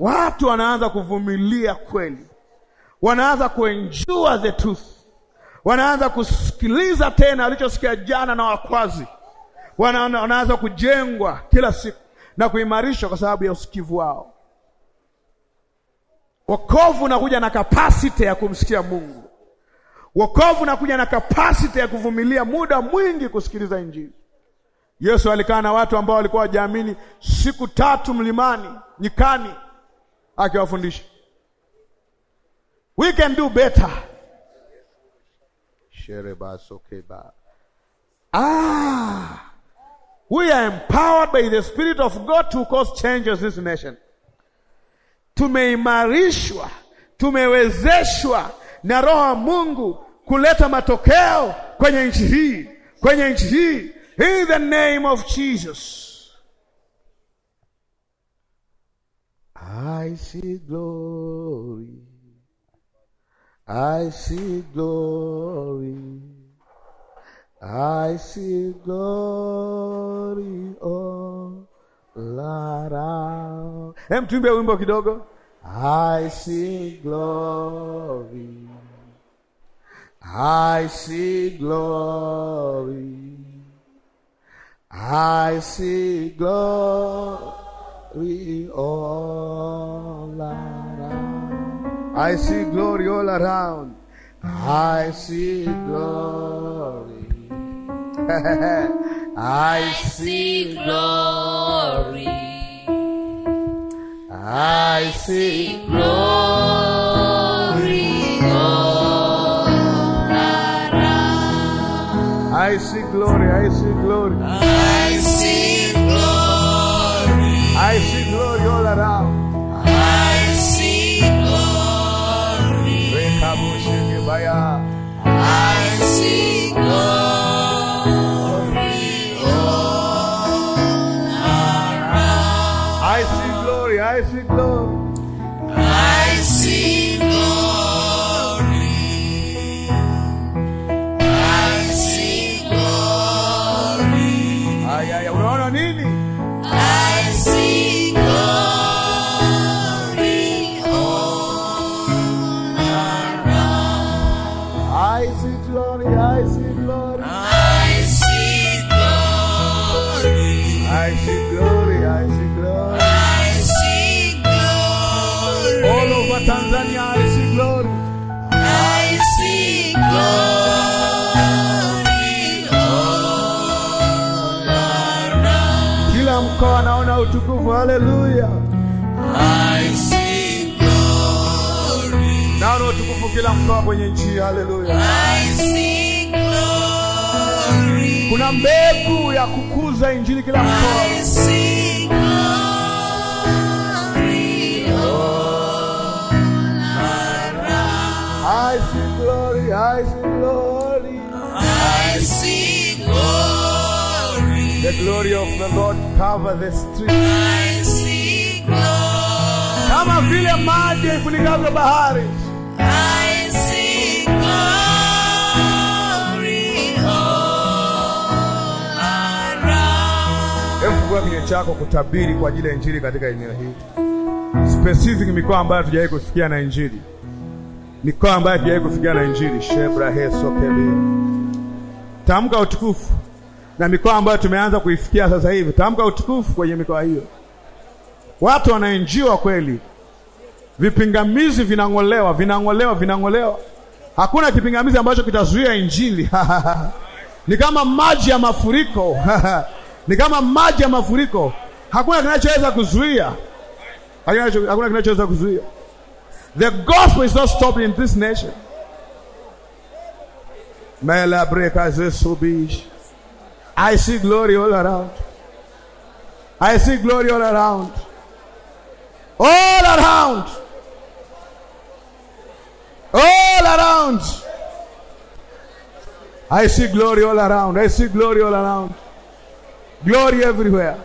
Watu wanaanza kuvumilia kweli, wanaanza kuenjua the truth, wanaanza kusikiliza tena walichosikia jana na wakwazi, wanaanza kujengwa kila siku na kuimarishwa kwa sababu ya usikivu wao. Wokovu unakuja na kapasiti ya kumsikia Mungu. Wokovu unakuja na kapasiti ya kuvumilia muda mwingi kusikiliza Injili. Yesu alikaa na watu ambao walikuwa wajaamini siku tatu mlimani, nyikani akiwafundisha. We can do better. Shereba Ah, we are empowered by the Spirit of God to cause changes this nation. Tumeimarishwa, tumewezeshwa na Roho wa Mungu kuleta matokeo kwenye nchi hii, kwenye nchi hii, in the name of Jesus. I see glory. I see glory. I see glory all oh, around. Oh. Hem, tuimbe wimbo kidogo. I see glory. I see glory. I see glory. We all around. I see glory all around. I see glory. I see glory. I see glory all around. I see glory. I see glory. I I see glory all around. I see glory. I see glory. nguvu. Haleluya, naona utukufu kila mtoa kwenye njia. Haleluya, kuna mbegu ya kukuza injili kila mtoa I see glory, I see glory. I see glory. The glory of the Lord cover the streets. I see glory. Kama vile maji yaifunikavyo bahari. I see glory all around. Efungua kinywa chako kutabiri kwa ajili ya injili katika eneo hili. Specific mikoa ambayo tujawahi kusikia na injili. Mikoa ambayo tujawahi kusikia na injili. Shebra heso kebe. Tamka utukufu na mikoa ambayo tumeanza kuifikia sasa hivi. Tamka utukufu kwenye mikoa hiyo, watu wanainjiwa kweli, vipingamizi vinang'olewa, vinang'olewa, vinang'olewa. Hakuna kipingamizi ambacho kitazuia injili ni kama maji ya mafuriko ni kama maji ya mafuriko, hakuna kinachoweza kuzuia, hakuna kinachoweza kuzuia. The gospel is not stopping in this nation. mela breka zesubishi I see glory all around. I see glory all around. All around. All around. I see glory all around. I see glory all around. Glory everywhere.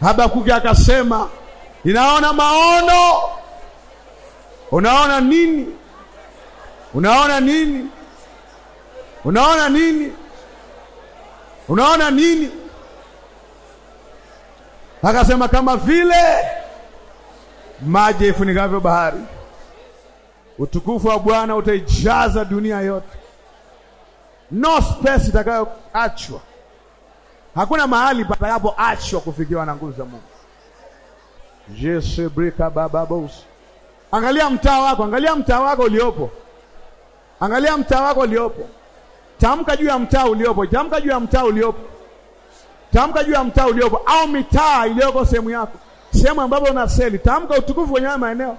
Habakuki akasema, inaona maono. Unaona nini? Unaona nini? Unaona nini? unaona nini? Akasema kama vile maji yaifunikavyo bahari, utukufu wa Bwana utaijaza dunia yote. No space itakayoachwa, hakuna mahali patakapoachwa kufikiwa na nguvu za Mungu. Jesebrika bababos. Angalia mtaa wako, angalia mtaa wako uliopo, angalia mtaa wako uliopo Tamka juu ya mtaa uliopo, tamka juu ya mtaa uliopo, tamka juu ya mtaa uliopo, au mitaa iliyoko sehemu yako, sehemu ambapo una seli. Tamka utukufu kwenye maeneo,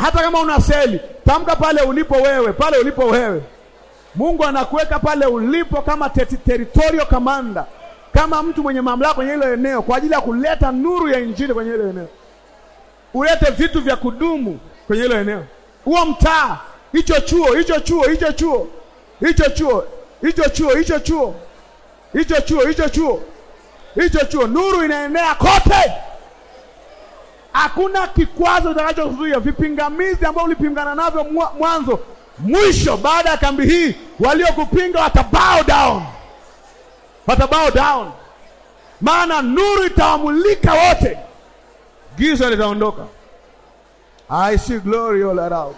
hata kama una seli, tamka pale ulipo wewe, pale ulipo wewe. Mungu anakuweka pale ulipo kama territorial commander, kama mtu mwenye mamlaka kwenye ile eneo, kwa ajili ya kuleta nuru ya injili kwenye ile eneo, ulete vitu vya kudumu kwenye ile eneo, huo mtaa, hicho chuo, hicho chuo, hicho chuo hicho chuo hicho chuo hicho chuo hicho chuo hicho chuo hicho chuo, nuru inaenea kote, hakuna kikwazo kitakachozuia. Vipingamizi ambao ulipingana navyo mwanzo, mwisho, baada ya kambi hii, waliokupinga wata down, wata down, maana nuru itawamulika wote, giza litaondoka. I see glory all around.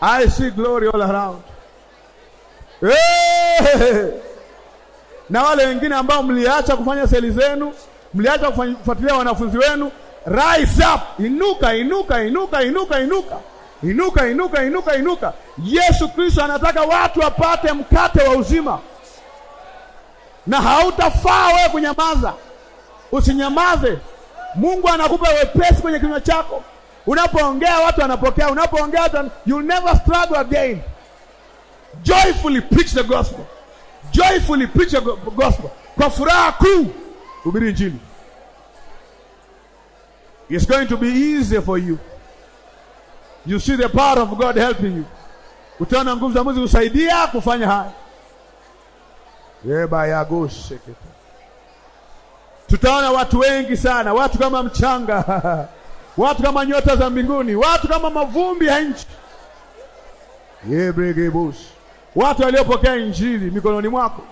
I see glory all around. Na wale wengine ambao mliacha kufanya seli zenu, mliacha kufuatilia wanafunzi wenu, rise up, inuka, inuka, inuka, inuka, inuka. Inuka, inuka, inuka, inuka. Yesu Kristo anataka watu wapate mkate wa uzima. Na hautafaa wewe kunyamaza. Usinyamaze. Mungu anakupa wepesi kwenye kinywa chako. Unapoongea watu wanapokea, unapoongea watu, you never struggle again. Joyfully preach the gospel. Joyfully preach the gospel. Kwa furaha kuu hubiri Injili. It's going to be easy for you. You see the power of God helping you. Utaona nguvu za Mungu kusaidia kufanya haya. Yeba Tutaona watu wengi sana, watu kama mchanga, watu kama nyota za mbinguni, watu kama mavumbi ya nchi. Yebregebus watu waliopokea injili mikononi mwako,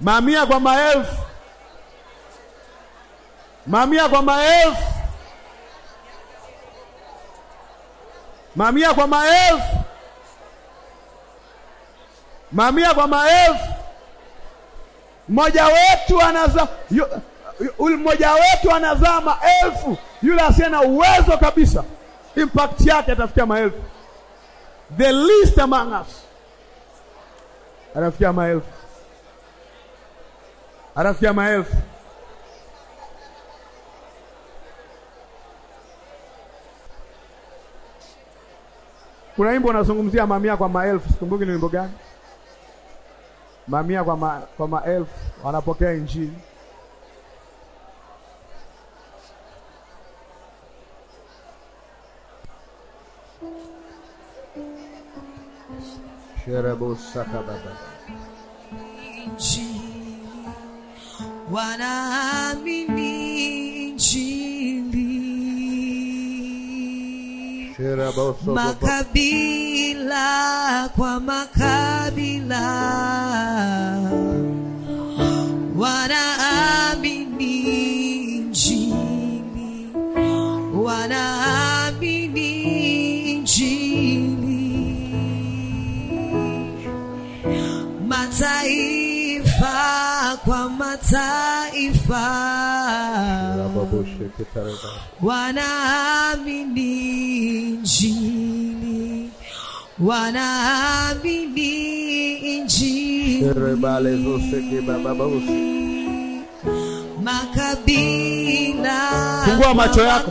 mamia kwa maelfu, mamia kwa maelfu, mamia kwa maelfu, mamia kwa maelfu. Mmoja wetu anazama, mmoja wetu anazama elfu, yule asiye na uwezo kabisa, impact yake atafikia maelfu the least among us anafikia maelfu, anafikia maelfu. Kuna wimbo unazungumzia mamia kwa maelfu, sikumbuki ni wimbo gani. Mamia kwa, ma, kwa maelfu wanapokea Injili. wanaamini Injili, makabila kwa makabila wanaamini Injili, wanaamini mataifa kwa mataifa wanaamini njini wanaamini njini makabila fungua macho yako,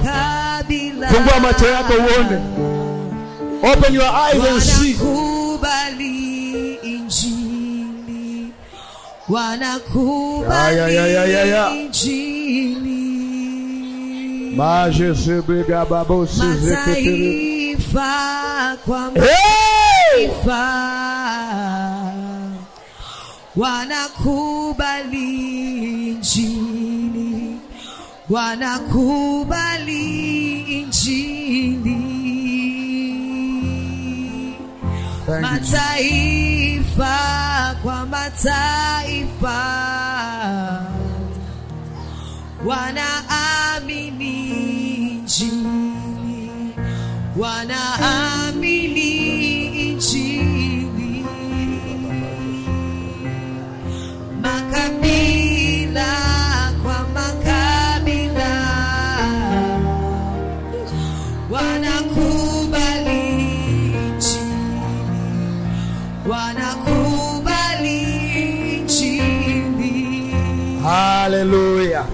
fungua macho yako uone, open your eyes and see wanakubali injili. Mataifa kwa mataifa wanakubali injili, wanakubali injili mataifa mataifa kwa mataifa wanaamini wanaamini Haleluya,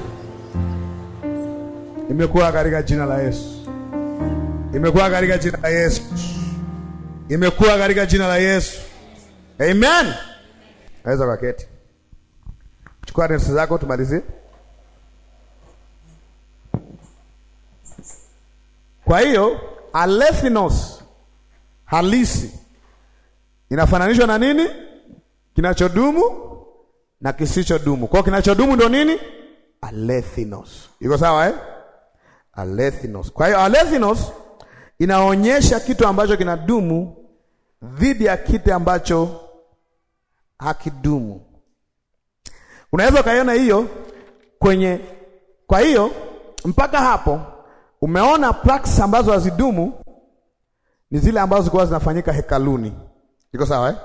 imekuwa katika jina la Yesu, imekuwa katika jina la Yesu, imekuwa katika jina la Yesu. Amen. Naweza kaketi, chukua nafsi zako tumalizie. Kwa hiyo alethinos halisi inafananishwa na nini? Kinachodumu na kisichodumu. Kwa kinachodumu ndio nini? Alethinos. Iko sawa eh? Alethinos. Kwa hiyo alethinos inaonyesha kitu ambacho kinadumu dhidi ya kitu ambacho hakidumu. Unaweza ukaiona hiyo kwenye. Kwa hiyo mpaka hapo umeona practice ambazo hazidumu ni zile ambazo zilikuwa zinafanyika hekaluni. Iko sawa eh?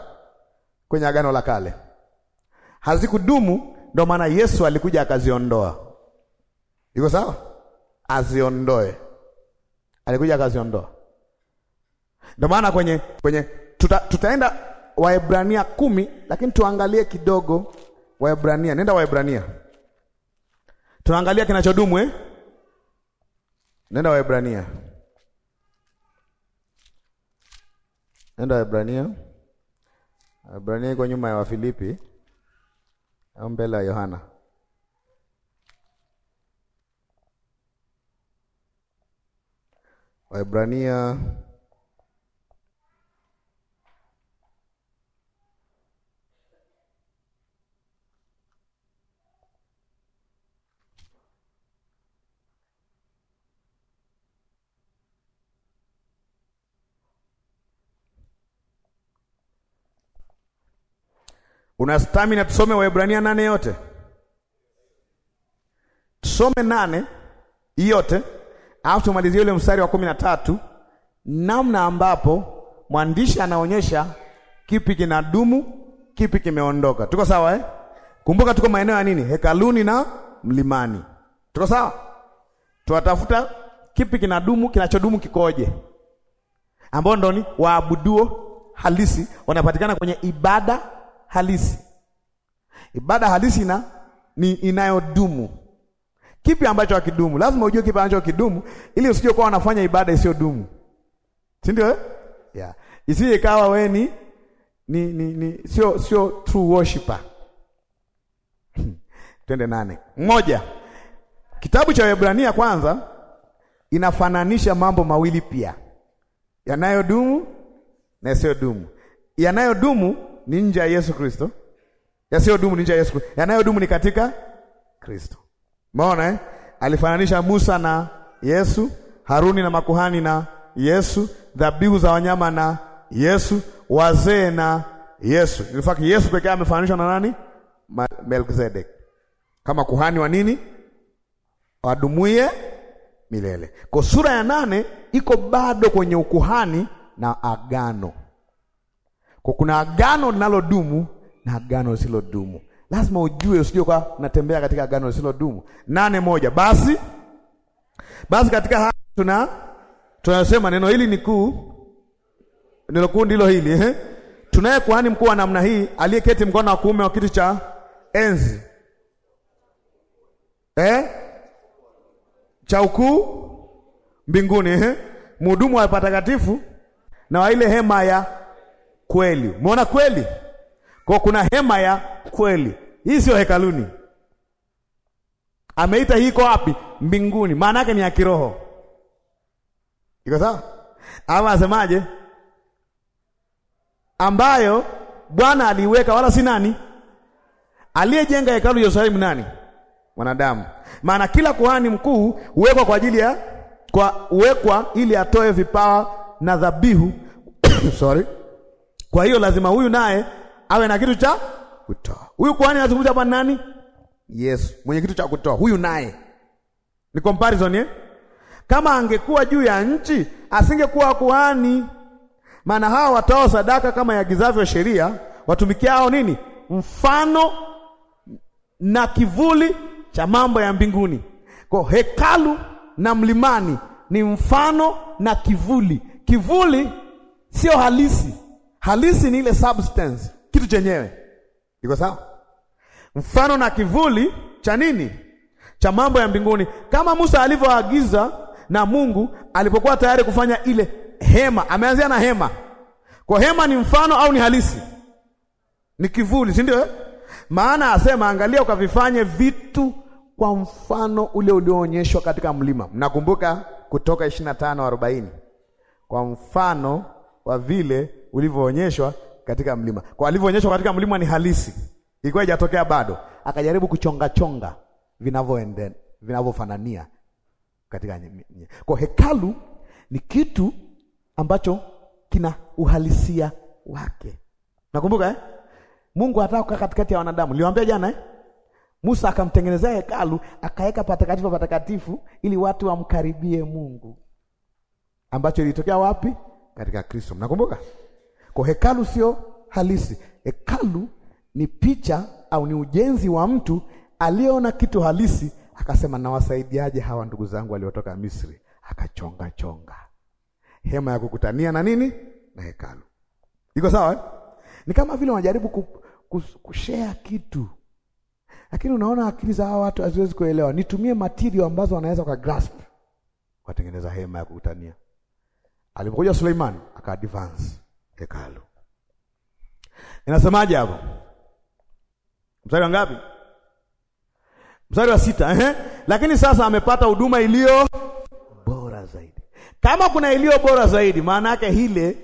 Kwenye Agano la Kale hazikudumu, ndio maana Yesu alikuja akaziondoa. Iko sawa? Aziondoe, alikuja akaziondoa. Ndio maana kwenye kwenye tuta, tutaenda Waebrania kumi, lakini tuangalie kidogo Waebrania. Nenda Waebrania, tunaangalia kinachodumu eh? Nenda Waebrania, nenda Waebrania. Waebrania iko nyuma ya Wafilipi au mbele ya Yohana? Waebrania Una stamina? Tusome Waebrania nane yote, tusome nane yote, alafu tumalizie ule mstari wa kumi na tatu namna ambapo mwandishi anaonyesha kipi kinadumu, kipi kimeondoka. Tuko sawa eh? Kumbuka tuko maeneo ya nini? Hekaluni na mlimani. Tuko sawa? Tuwatafuta kipi kinadumu, kinachodumu kikoje, ambao ndoni waabuduo halisi wanapatikana kwenye ibada halisi. Ibada halisi na ni inayodumu. Kipi ambacho hakidumu? Lazima ujue kipi ambacho hakidumu, ili usije kuwa unafanya ibada dumu. si ndio? Yeah, isije ikawa wewe ni ni, ni, ni sio sio true worshipper. Twende nane. Moja, kitabu cha Waebrania kwanza inafananisha mambo mawili pia, yanayodumu na yasiyodumu. Yanayodumu ni nje ya Yesu Kristo, yasiyodumu ni nje ya Yesu Kristo, yanayodumu ni katika Kristo. Umeona eh? Alifananisha Musa na Yesu, Haruni na makuhani na Yesu, dhabihu za wanyama na Yesu, wazee na Yesu. In fact, Yesu pekee amefananishwa na nani? Melkizedek, kama kuhani wa nini, wadumuye milele. Kwa sura ya nane iko bado kwenye ukuhani na agano kwa kuna agano linalodumu na agano lisilodumu. Lazima ujue, usije kwa natembea katika agano lisilodumu. nane moja. Basi basi katika haya tuna tunasema neno hili ni kuu, neno kuu ndilo hili eh? Tunaye kuhani mkuu wa namna hii aliyeketi mkono wa kuume wa kiti cha enzi eh? cha ukuu mbinguni eh? mhudumu wa patakatifu na wa ile hema ya kweli. Umeona kweli? Kwa kuna hema ya kweli. Hii sio hekaluni. Ameita hii iko wapi? Mbinguni. Maana yake ni ya kiroho. Iko sawa? Ama asemaje? Ambayo Bwana aliweka wala si nani? Aliyejenga hekalu Yerusalemu nani? Mwanadamu. Maana kila kuhani mkuu huwekwa kwa ajili ya kwa uwekwa ili atoe vipawa na dhabihu sorry kwa hiyo lazima huyu naye awe na kitu cha kutoa. Huyu kwani anazungumza hapa nani? Yesu, mwenye kitu cha kutoa. Huyu naye ni comparison eh? Kama angekuwa juu ya nchi asingekuwa kuhani, maana hawa watao sadaka kama yagizavyo sheria watumikiao nini? Mfano na kivuli cha mambo ya mbinguni. Kwa hekalu na mlimani ni mfano na kivuli. Kivuli sio halisi halisi ni ile substance, kitu chenyewe. Iko sawa? Mfano na kivuli cha nini? Cha mambo ya mbinguni, kama Musa alivyoagiza na Mungu alipokuwa tayari kufanya ile hema. Ameanzia na hema, kwa hema ni mfano au ni halisi? Ni kivuli, si ndio? Eh? Maana asema, angalia ukavifanye vitu kwa mfano ule ulioonyeshwa katika mlima. Mnakumbuka Kutoka 25:40 kwa mfano wa vile ulivyoonyeshwa katika mlima. Kwa alivyoonyeshwa katika mlima ni halisi, ilikuwa haijatokea bado. Akajaribu kuchonga chonga vinavyoende vinavyofanania katika nye. Kwa hekalu ni kitu ambacho kina uhalisia wake. Nakumbuka eh? Mungu hataka kukaa katikati ya wanadamu. Niliwaambia jana eh? Musa akamtengenezea hekalu, akaweka patakatifu patakatifu ili watu wamkaribie Mungu. Ambacho ilitokea wapi? Katika Kristo. Mnakumbuka? Kwa hekalu sio halisi. Hekalu ni picha au ni ujenzi wa mtu aliyeona kitu halisi akasema, nawasaidiaje hawa ndugu zangu waliotoka Misri? Akachonga chonga hema ya kukutania na nini na hekalu. Iko sawa eh? Ni kama vile wanajaribu ku, ku, kushare kitu lakini unaona akili za hawa watu haziwezi kuelewa. Nitumie material ambazo wanaweza kwa grasp, watengeneza hema ya kukutania. Alipokuja Suleimani aka advance hekalu. Inasemaje hapo? Mstari wa ngapi? Mstari wa sita, eh? Lakini sasa amepata huduma iliyo bora zaidi. Kama kuna iliyo bora zaidi, maana yake hile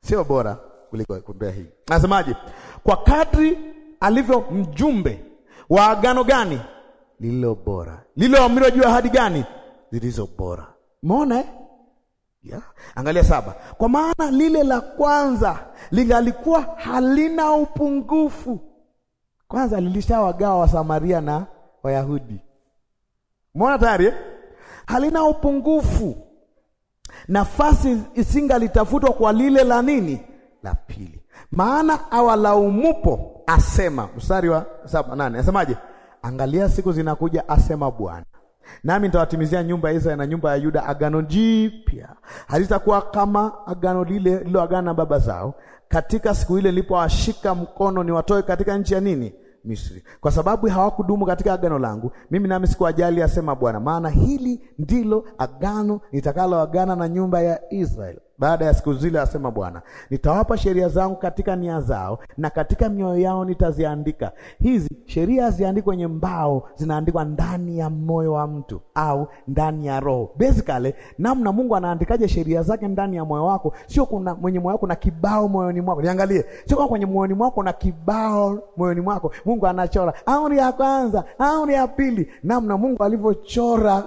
sio bora kuliko kumbea hii. Nasemaje? Kwa kadri alivyo mjumbe wa agano gani lililo bora, lililoamriwa juu ahadi gani zilizo bora. Umeona eh? Yeah. Angalia saba, kwa maana lile la kwanza lingalikuwa halina upungufu. Kwanza lilishawagawa Wasamaria na Wayahudi, mwona tayari eh? halina upungufu, nafasi isingalitafutwa kwa lile la nini la pili. Maana awalaumupo asema, mstari wa saba nane, asemaje? Angalia siku zinakuja, asema Bwana nami nitawatimizia nyumba ya Israeli na nyumba ya Yuda agano jipya, halitakuwa kama agano lile liloagana na baba zao katika siku ile nilipowashika mkono niwatoe katika nchi ya nini, Misri, kwa sababu hawakudumu katika agano langu, mimi nami sikuwajali, asema Bwana, maana hili ndilo agano nitakaloagana na nyumba ya Israeli baada ya siku zile, asema Bwana, nitawapa sheria zangu katika nia zao na katika mioyo yao nitaziandika. Hizi sheria haziandiki kwenye mbao, zinaandikwa ndani ya moyo wa mtu au ndani ya roho. Basically, namna Mungu anaandikaje sheria zake ndani ya moyo wako, sio kuna mwenye moyo wako na kibao moyoni mwako. Niangalie, sio kwa kwenye moyoni mwako na kibao moyoni mwako. Mungu anachora amri ya kwanza, amri ya pili, namna Mungu alivyochora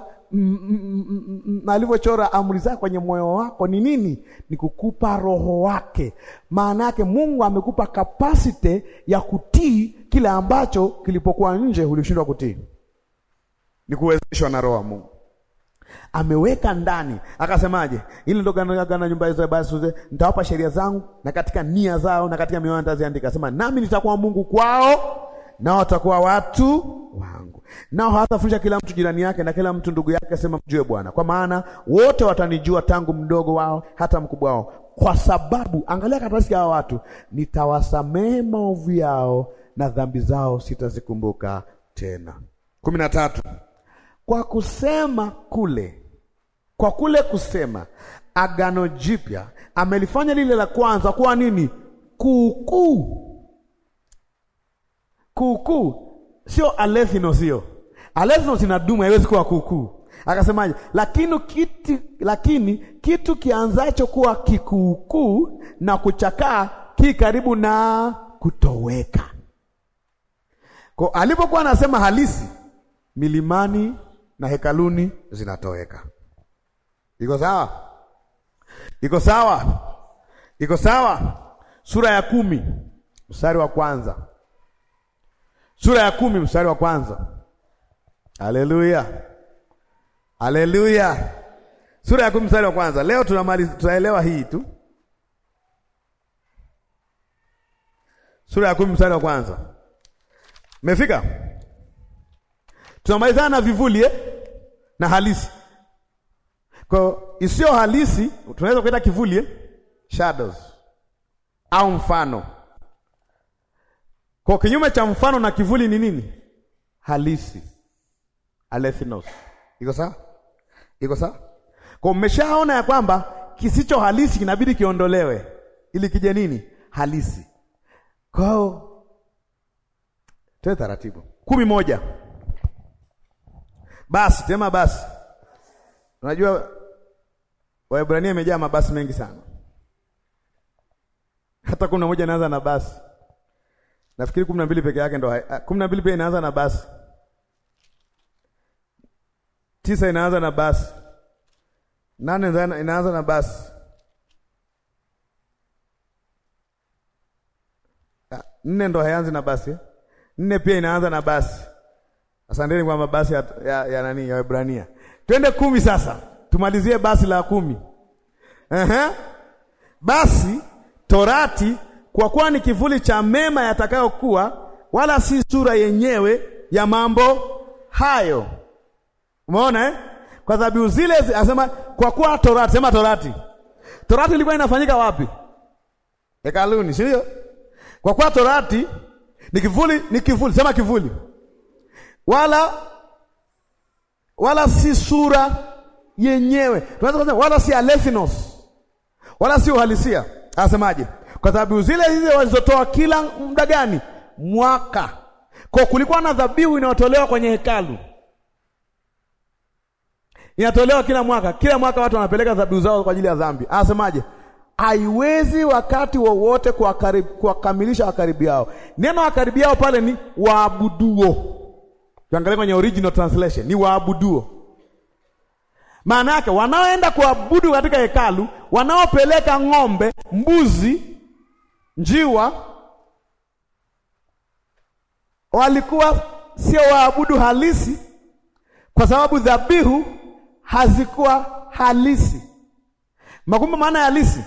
alivyochora amri zake kwenye moyo wako ni nini? Ni kukupa roho wake. Maana yake Mungu amekupa capacity ya kutii kile ambacho kilipokuwa nje ulishindwa kutii, ni kuwezeshwa na roho ya Mungu ameweka ndani. Akasemaje? Ile ndo gana nyumba hizo basi, nitawapa sheria zangu na katika nia zao na katika mioyo nitaziandika, sema nami nitakuwa Mungu kwao nao watakuwa watu wangu, nao hawatafundisha kila mtu jirani yake na kila mtu ndugu yake, asema mjue Bwana, kwa maana wote watanijua, tangu mdogo wao hata mkubwa wao, kwa sababu, angalia katasi ya watu, nitawasamehe maovu yao na dhambi zao sitazikumbuka tena. kumi na tatu kwa kusema kule, kwa kule kusema agano jipya amelifanya lile la kwanza kuwa nini? Kuukuu kuukuu sio alethino, sio alethino, zinadumu, haiwezi kuwa kuukuu. Akasemaje? Lakini kitu, lakini kitu kianzacho kuwa kikuukuu na kuchakaa ki karibu na kutoweka. Kwa alipokuwa anasema halisi, milimani na hekaluni zinatoweka. Iko sawa? Iko sawa? Iko sawa? Sura ya kumi mstari wa kwanza sura ya kumi mstari wa kwanza. Haleluya, haleluya! Sura ya kumi mstari wa kwanza. Leo tunamaliza, tunaelewa hii tu, sura ya kumi mstari wa kwanza. Mefika, tunamalizana na vivuli eh, na halisi. Kwa isiyo halisi tunaweza kuita kivuli eh, shadows au mfano kwa kinyume cha mfano na kivuli ni nini? Halisi. Alethinos. Iko sawa? Iko sawa? Kwa mmeshaona ya kwamba kisicho halisi kinabidi kiondolewe ili kije nini? Halisi. hiyo tuwe taratibu. kumi moja. Basi tema basi, unajua Waebrania imejaa mabasi mengi sana, hata kumi na moja inaanza na basi Nafikiri kumi na mbili peke yake ndo ah, kumi na mbili pia inaanza na basi, tisa inaanza na basi, nane inaanza na basi, ah, nne ndo haianzi na basi, eh? nne pia inaanza na basi. Asanteni kwa mabasi ya, ya, ya nani ya Waebrania. Twende kumi sasa, tumalizie basi la kumi. Aha. Basi Torati kwa kuwa ni kivuli cha mema yatakayokuwa, wala si sura yenyewe ya mambo hayo. Umeona eh? Kwa dhabihu zile asema, kwa kuwa torati, sema torati. Torati ilikuwa inafanyika wapi? Hekaluni, si ndio? Kwa kuwa torati ni kivuli, ni kivuli, sema kivuli, wala wala si sura yenyewe. Tunaweza kusema wala si alethinos, wala si uhalisia. Asemaje? kwa sababu zile zile walizotoa kila muda gani? Mwaka. Kwa kulikuwa na dhabihu inayotolewa kwenye hekalu, inatolewa kila mwaka. Kila mwaka watu wanapeleka dhabihu zao kwa ajili ya dhambi. Anasemaje? haiwezi wakati wowote kuwakamilisha wakaribu yao. Neno wakaribu yao pale ni waabuduo. Tuangalie kwenye original translation, ni waabuduo. Maana yake wanaoenda kuabudu katika hekalu, wanaopeleka ng'ombe, mbuzi Njiwa walikuwa sio waabudu halisi, kwa sababu dhabihu hazikuwa halisi. Makumbe maana ya halisi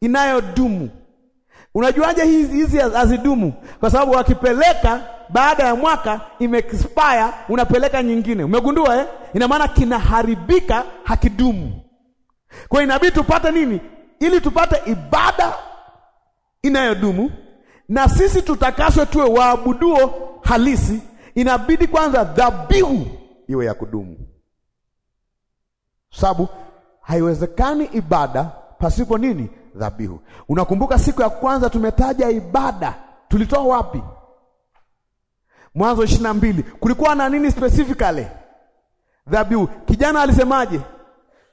inayodumu. Unajuaje hizi hizi hazidumu? Kwa sababu wakipeleka baada ya mwaka ime unapeleka nyingine. Umegundua eh? Ina maana kinaharibika, hakidumu. Kwa hiyo inabidi tupate nini ili tupate ibada inayodumu, na sisi tutakaswe tuwe waabuduo halisi, inabidi kwanza dhabihu iwe ya kudumu, sababu haiwezekani ibada pasipo nini? Dhabihu. Unakumbuka siku ya kwanza tumetaja ibada, tulitoa wapi? Mwanzo ishirini na mbili. Kulikuwa na nini specifically? Dhabihu. Kijana alisemaje?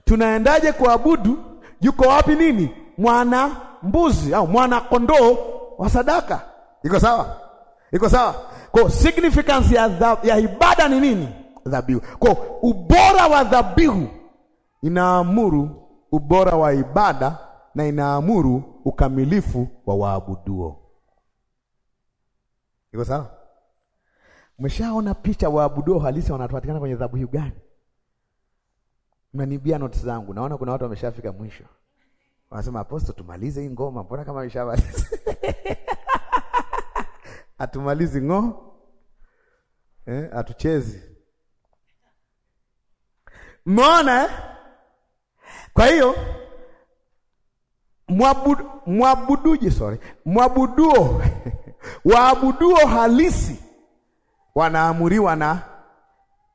Tunaendaje kuabudu? Yuko wapi nini? Mwana mbuzi au mwana kondoo wa sadaka. Iko sawa? Iko sawa? Kwa significance ya, dha, ya ibada ni nini? Dhabihu. Kwa ubora wa dhabihu inaamuru ubora wa ibada na inaamuru ukamilifu wa waabuduo. Iko sawa? Mshaona picha waabuduo halisi wanapatikana kwenye dhabihu gani? Mnanibia notes zangu, naona kuna watu wameshafika mwisho. Wanasema aposto, tumalize hii ngoma, mbona kama ishamaliza atumalizi ng'o eh, atuchezi mmeona. Eh? Kwa hiyo mwabudu, mwabuduje, sorry, mwabuduo waabuduo halisi wanaamuriwa na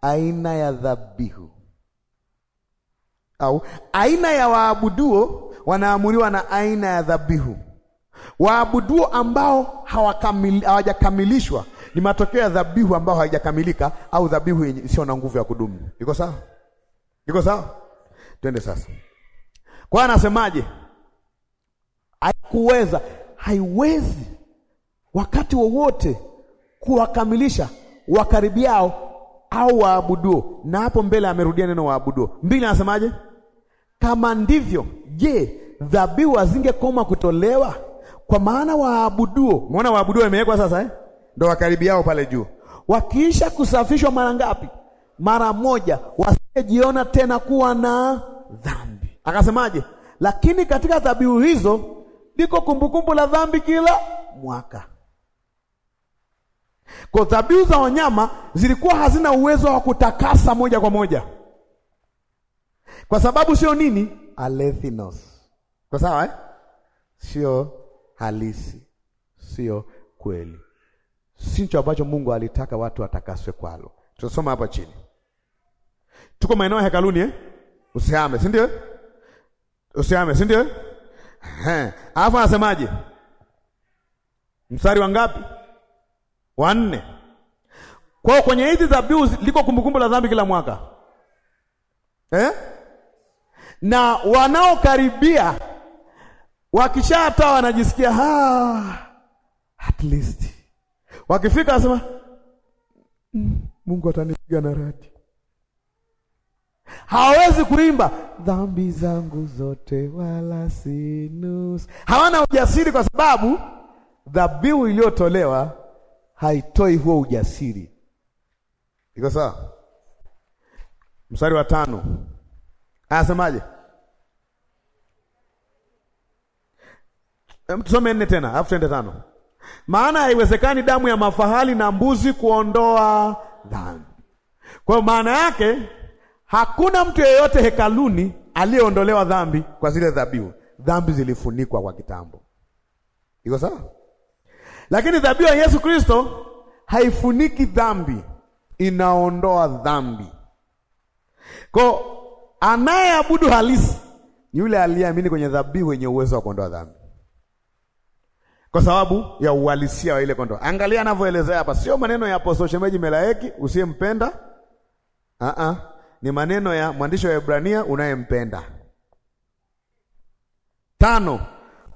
aina ya dhabihu au aina ya waabuduo wanaamuriwa na aina ya dhabihu. Waabuduo ambao hawajakamilishwa ni matokeo ya dhabihu ambao haijakamilika au dhabihu isiyo na nguvu ya kudumu. Iko sawa? Iko sawa? Twende sasa. Kwa anasemaje? Haikuweza, haiwezi wakati wowote kuwakamilisha wakaribiao au waabuduo. Na hapo mbele amerudia neno waabuduo. Mbili anasemaje? Kama ndivyo, je, dhabihu hazingekoma kutolewa? Kwa maana waabuduo, umeona waabuduo imewekwa sasa eh? Ndo wakaribiao pale juu, wakiisha kusafishwa mara ngapi? Mara moja, wasijiona tena kuwa na dhambi. Akasemaje? Lakini katika dhabihu hizo liko kumbukumbu la dhambi kila mwaka. Kwa dhabihu za wanyama zilikuwa hazina uwezo wa kutakasa moja kwa moja kwa sababu sio nini alethinos, kwa sawa eh? Sio halisi, sio kweli, sicho ambacho Mungu alitaka watu watakaswe kwalo. Tunasoma hapa chini, tuko maeneo ya hekaluni eh? Usihame, si ndio? Usihame, si ndio? Alafu anasemaje? Mstari wa ngapi? Wa nne. Kwao kwenye hizi dhabihu liko kumbukumbu la dhambi kila mwaka eh? na wanaokaribia wakishata wanajisikia ha, at least wakifika wasema mm, Mungu atanipiga na radi. Hawawezi kuimba dhambi zangu zote wala sinus. Hawana ujasiri kwa sababu dhabihu iliyotolewa haitoi huo ujasiri. Iko sawa? Mstari wa tano anasemaje? tusome nne tena alafu tuende tano. Maana haiwezekani damu ya mafahali na mbuzi kuondoa dhambi. Kwa hiyo maana yake hakuna mtu yeyote hekaluni aliyeondolewa dhambi kwa zile dhabihu. Dhambi zilifunikwa kwa kitambo, iko sawa? Lakini dhabihu ya Yesu Kristo haifuniki dhambi, inaondoa dhambi. Kwa anayeabudu halisi ni yule aliyeamini kwenye dhabihu yenye uwezo wa kuondoa dhambi kwa sababu ya uhalisia wa ile kondoo. Angalia anavyoelezea hapa, sio maneno ya Apostle Shemeji Melaeki usiyempenda. Uh-uh. Ni maneno ya mwandishi wa Hebrania unayempenda. Tano.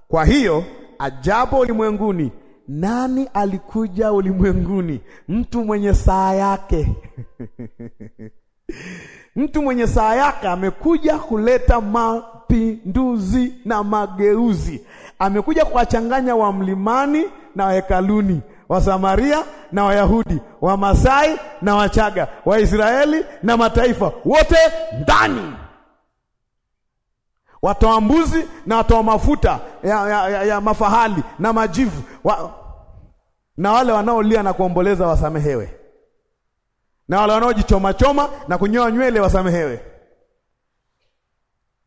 Kwa hiyo ajabu ulimwenguni, nani alikuja ulimwenguni? Mtu mwenye saa yake mtu mwenye saa yake amekuja kuleta mapinduzi na mageuzi amekuja kuwachanganya wa mlimani na wahekaluni hekaluni, wa Samaria na Wayahudi, wa Masai na Wachaga, Waisraeli na mataifa wote ndani, watoa mbuzi na watoa mafuta ya, ya, ya, ya mafahali na majivu wa, na wale wanaolia na kuomboleza wasamehewe, na wale wanaojichomachoma na kunyoa nywele wasamehewe,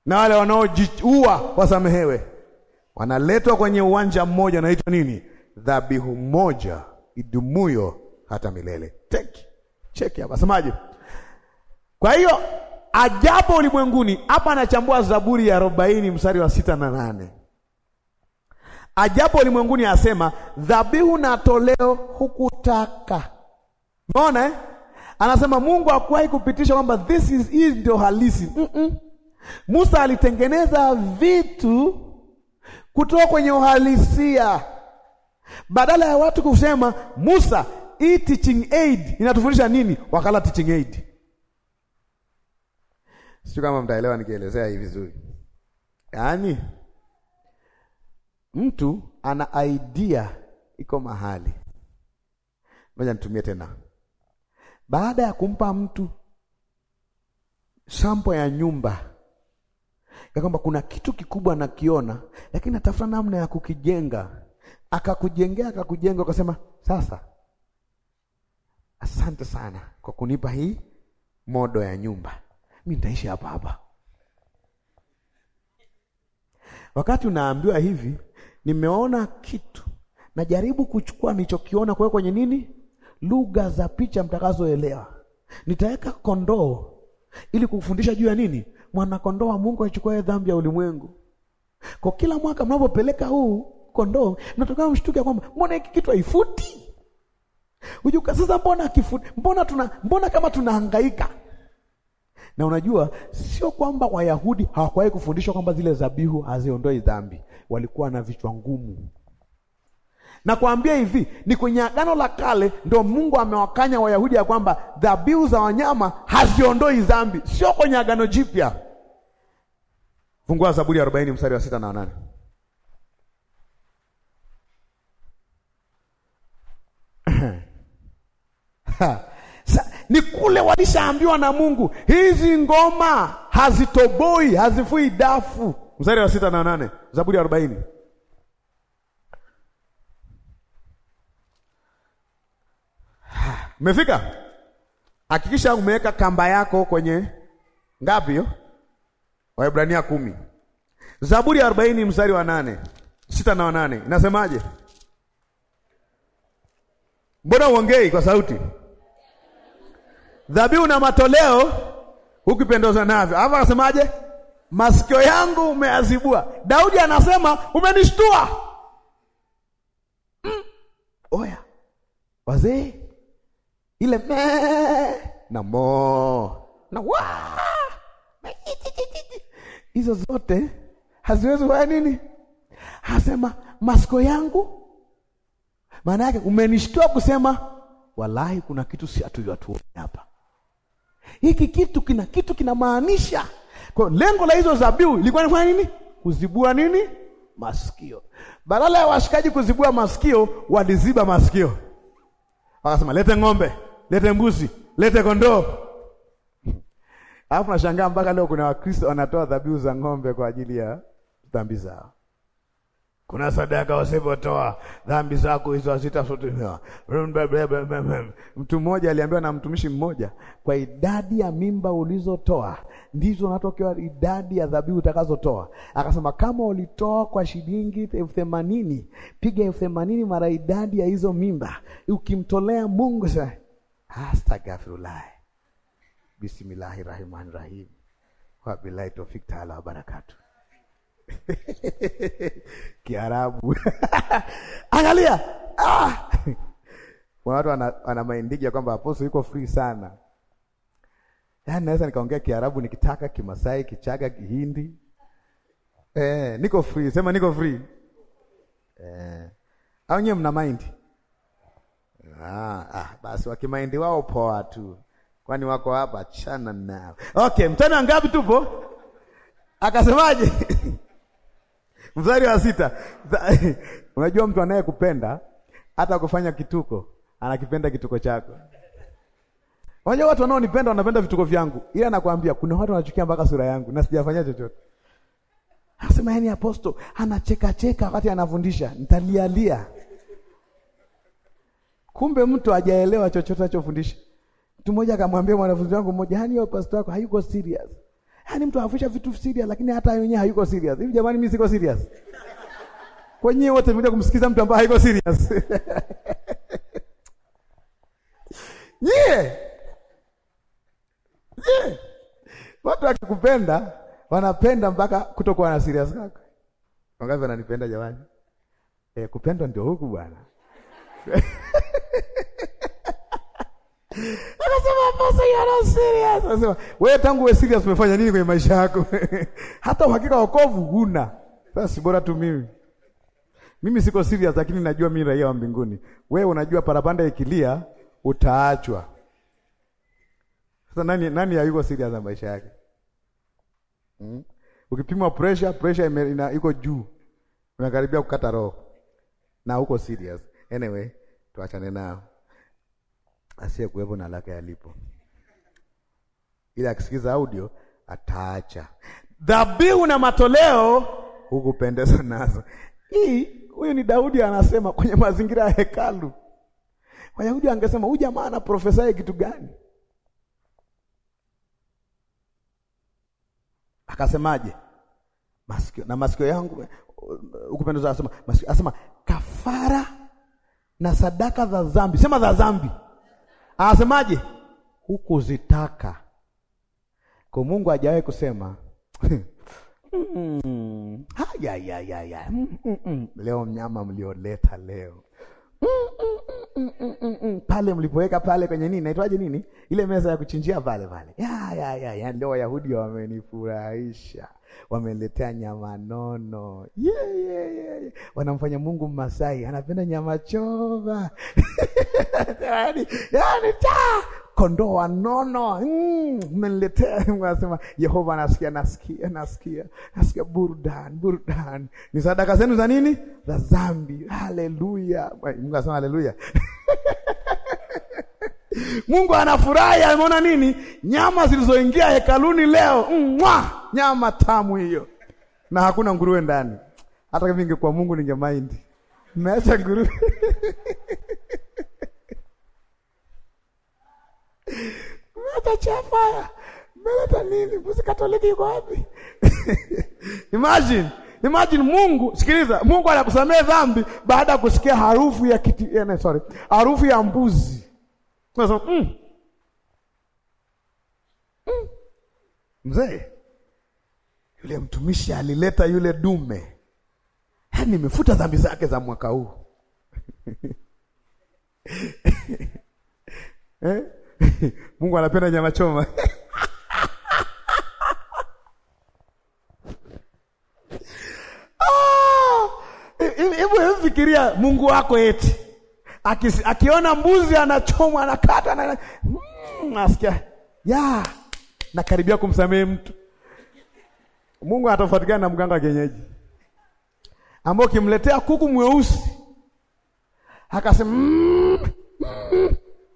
na wale wanaojiua wasamehewe wanaletwa kwenye uwanja mmoja unaitwa nini? Dhabihu moja idumuyo hata milele. Take. check hapa. Semaje? Kwa hiyo ajapo ulimwenguni hapa anachambua Zaburi ya arobaini mstari wa sita na nane. Ajapo ulimwenguni asema dhabihu na toleo hukutaka. Umeona eh? Anasema Mungu hakuwahi kupitisha kwamba this is hii ndio halisi. Mm -mm. Musa alitengeneza vitu kutoka kwenye uhalisia, badala ya watu kusema Musa, hii teaching aid inatufundisha nini? Wakala teaching aid. Sio kama mtaelewa nikielezea hivi vizuri. Yaani mtu ana idea iko mahali. Ngoja nitumie tena. Baada ya kumpa mtu sampo ya nyumba ya kwamba kuna kitu kikubwa nakiona, lakini atafuta namna ya kukijenga. Akakujengea, akakujenga, ukasema sasa, asante sana kwa kunipa hii modo ya nyumba, mimi nitaishi hapa hapa. Wakati unaambiwa hivi, nimeona kitu, najaribu kuchukua nilichokiona kwa kwenye nini, lugha za picha mtakazoelewa. Nitaweka kondoo ili kufundisha juu ya nini mwanakondoo wa Mungu achukue dhambi ya ulimwengu. Kwa kila mwaka mnapopeleka huu kondoo, mnatokana mshtuke kwamba mbona hiki kitu haifuti? Ujuka sasa, mbona kifuti? Mbona tuna mbona kama tunahangaika? Na unajua sio kwamba Wayahudi hawakuwahi kufundishwa kwamba zile zabihu haziondoi dhambi. Walikuwa na vichwa ngumu Nakwambia hivi, ni kwenye agano la kale ndo Mungu amewakanya Wayahudi ya kwamba dhabihu za wanyama haziondoi dhambi, sio kwenye agano jipya. Fungua Zaburi ya 40 mstari wa 6 na nane. Ni kule walishaambiwa na Mungu, hizi ngoma hazitoboi, hazifui dafu. Mstari wa 6 na 8, Zaburi ya arobaini. Umefika? Hakikisha umeweka kamba yako kwenye ngapi hiyo? Waebrania kumi. Zaburi ya arobaini mstari wa nane sita na wanane inasemaje? Mbona uongei kwa sauti? Dhabihu na matoleo hukipendoza navyo. Hapo anasemaje? Masikio yangu umeazibua. Daudi anasema umenishtua. Mm. Oya wazee ile me na mo na wa hizo zote haziwezi kwa nini? Hasema masiko yangu, maana yake umenishtua kusema, wallahi kuna kitu si hatujatuona hapa, hiki kitu kina kitu kinamaanisha. Kwa lengo la hizo zabiu ilikuwa ni kwa nini? Kuzibua nini? Masikio. Badala ya washikaji kuzibua masikio, waliziba masikio, wakasema lete ng'ombe lete mbuzi, lete kondoo. Alafu nashangaa mpaka leo kuna Wakristo wanatoa dhabihu za ng'ombe kwa ajili ya dhambi zao. Kuna sadaka wasipotoa dhambi zako hizo hazitasamehewa. Mtu mmoja aliambiwa na mtumishi mmoja, kwa idadi ya mimba ulizotoa ndizo unatokewa idadi ya dhabihu utakazotoa. Akasema kama ulitoa kwa shilingi elfu themanini piga elfu themanini mara idadi ya hizo mimba, ukimtolea Mungu sasa bismillahi rahmani rahim Wabillahi tawfik taala wa Kiarabu. Angalia. Ah! Watu wana, wana maindiki ya kwamba apostle yuko free sana. Yaani naweza nikaongea Kiarabu nikitaka, Kimasai, Kichaga, Kihindi. Eh, niko free. Sema niko free. Eh. Au nyewe mna mind? Ah, ah, basi wakimaindi wao poa tu, kwani wako hapa, chana nao. Okay, mstari wa ngapi tupo? Akasemaje? mstari wa sita. Unajua mtu anayekupenda hata kufanya kituko anakipenda kituko chako. Unajua watu wanaonipenda wanapenda vituko vyangu, ila nakwambia kuna watu wanachukia mpaka sura yangu na sijafanya chochote. Anasema yani, aposto anacheka cheka wakati anafundisha, nitalialia Kumbe mtu hajaelewa chochote anachofundisha. Mtu mmoja akamwambia mwanafunzi wangu mmoja, yaani yeye pastor wako hayuko serious. Yaani mtu anafundisha vitu serious lakini hata yeye mwenyewe hayuko serious. Hivi jamani, mimi siko serious. Kwa nini wote mmekuja kumsikiza mtu ambaye hayuko serious? Nyie. Nyie. Watu wakikupenda wanapenda mpaka kutokuwa na serious kaka. Wangapi wananipenda jamani? Eh, kupendwa ndio huku bwana. Anasema Apostle you are not serious. Anasema wewe tangu we serious umefanya nini kwenye maisha yako? Hata uhakika wa wokovu huna. Sasa bora tu mimi. Mimi siko serious lakini najua mimi raia wa mbinguni. Wewe unajua parapanda ikilia utaachwa. Sasa nani nani hayuko serious na maisha yake? Mm. Ukipimwa pressure, pressure ina iko juu. Unakaribia kukata roho. Na uko serious. Anyway, tuachane nao asiyekuwepo na lake alipo, ila akisikiza audio ataacha. Dhabihu na matoleo hukupendeza nazo. Hii huyu ni Daudi anasema kwenye mazingira ya hekalu. Wayahudi angesema huyu jamaa ana profesa kitu gani? Akasemaje? masikio na masikio yangu ukupendeza, asema masikio, asema kafara na sadaka za dhambi, sema za dhambi Anasemaje? Hukuzitaka. Kwa Mungu hajawahi kusema Mm. ya ya ya. Mm, mm, mm. Leo mnyama mlioleta leo. Mm, mm, mm, mm, mm. Pale mlipoweka pale kwenye nini? Naitwaje nini? Ile meza ya kuchinjia pale pale. Ya ya ya ya, leo Wayahudi wamenifurahisha wameletea nyama nono. yeah, yeah, yeah. Wanamfanya Mungu masai anapenda nyama choma yani, yani ta kondoo wa nono mm, mmeniletea. Mm, anasema Yehova anasikia, nasikia, nasikia, nasikia burudani, burudani ni sadaka zenu za nini? Za dhambi. Haleluya! Mungu asema haleluya Mungu anafurahi, ameona nini? Nyama zilizoingia hekaluni leo. Mwa, nyama tamu hiyo, na hakuna nguruwe ndani. Hata kama ingekuwa Mungu ningemaindi, mmeacha nguruwe mmeacha chafaya, mmeleta nini? Mbuzi Katoliki yuko wapi? Imagine, imagine Mungu, sikiliza, Mungu anakusamehe dhambi baada ya kusikia harufu ya kiti, eh, sorry, harufu ya mbuzi Unasema mm. mm. Mzee yule mtumishi alileta yule dume, Ha, yaani nimefuta dhambi zake za mwaka huu eh? Mungu anapenda nyama choma ah! Hebu fikiria Mungu wako eti Akisi, akiona mbuzi anachomwa anakata na mm, nasikia ya nakaribia kumsamehe mtu. Mungu anatofautiana na mganga wa kienyeji ambao ukimletea kuku mweusi akasema mm, mm,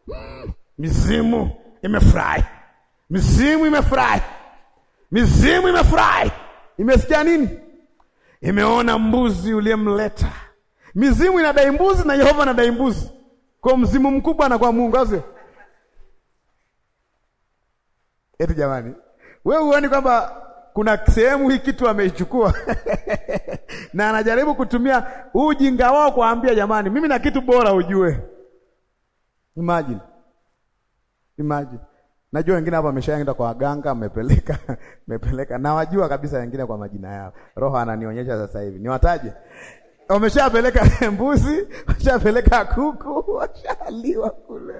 mm, mizimu imefurahi, mizimu imefurahi, mizimu imefurahi, imesikia nini? Imeona mbuzi uliyemleta Mizimu inadai mbuzi na Yehova anadai mbuzi, kwa mzimu mkubwa na kwa Mungu azio eti. Jamani, we huoni kwamba kuna sehemu hii kitu ameichukua na anajaribu kutumia ujinga wao kuambia jamani, mimi na kitu bora ujue. Imagine, imagine. Najua wengine hapa ameshaenda kwa waganga, amepeleka amepeleka, nawajua kabisa wengine kwa majina yao. Roho ananionyesha sasa hivi, niwataje? wameshapeleka mbuzi, washapeleka kuku, washaliwa kule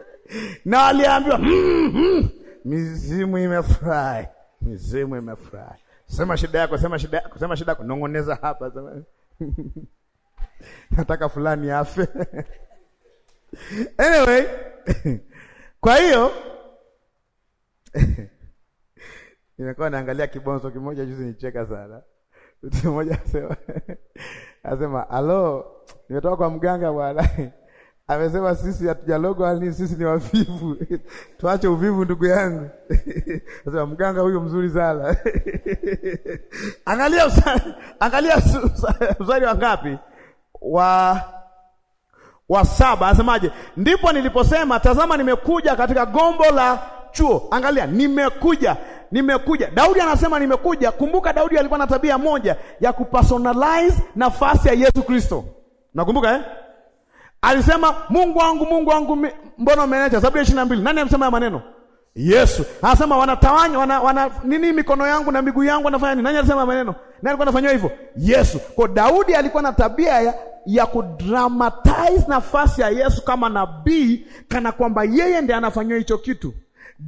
na waliambiwa mm, mm. Mizimu imefurahi, mizimu imefurahi. Sema shida yako, sema shida yako, sema shida yako, nong'oneza hapa nataka fulani afe. Anyway, kwa hiyo nimekuwa naangalia kibonzo kimoja juzi, nicheka sana Mtu mmoja asema alo, nimetoka kwa mganga bwana, amesema sisi hatujalogwa, ni sisi ni wavivu tuache uvivu ndugu yangu. Asema mganga huyo mzuri sana angalia usari, angalia usari wa ngapi wa wa saba, anasemaje? Ndipo niliposema tazama, nimekuja katika gombo la chuo. Angalia, nimekuja, nimekuja. Daudi anasema nimekuja. Kumbuka Daudi alikuwa na tabia moja ya kupersonalize nafasi ya Yesu Kristo. Nakumbuka eh? Alisema Mungu wangu, Mungu wangu, mbona umeniacha? Zaburi ishirini na mbili. Nani amsema ya maneno? Yesu. Anasema wanatawanya, wana, wana nini mikono yangu na miguu yangu anafanya nini? Nani alisema maneno? Nani alikuwa anafanywa hivyo? Yesu. Kwa Daudi alikuwa na tabia ya, ya kudramatize nafasi ya Yesu kama nabii kana kwamba yeye ndiye anafanywa hicho kitu.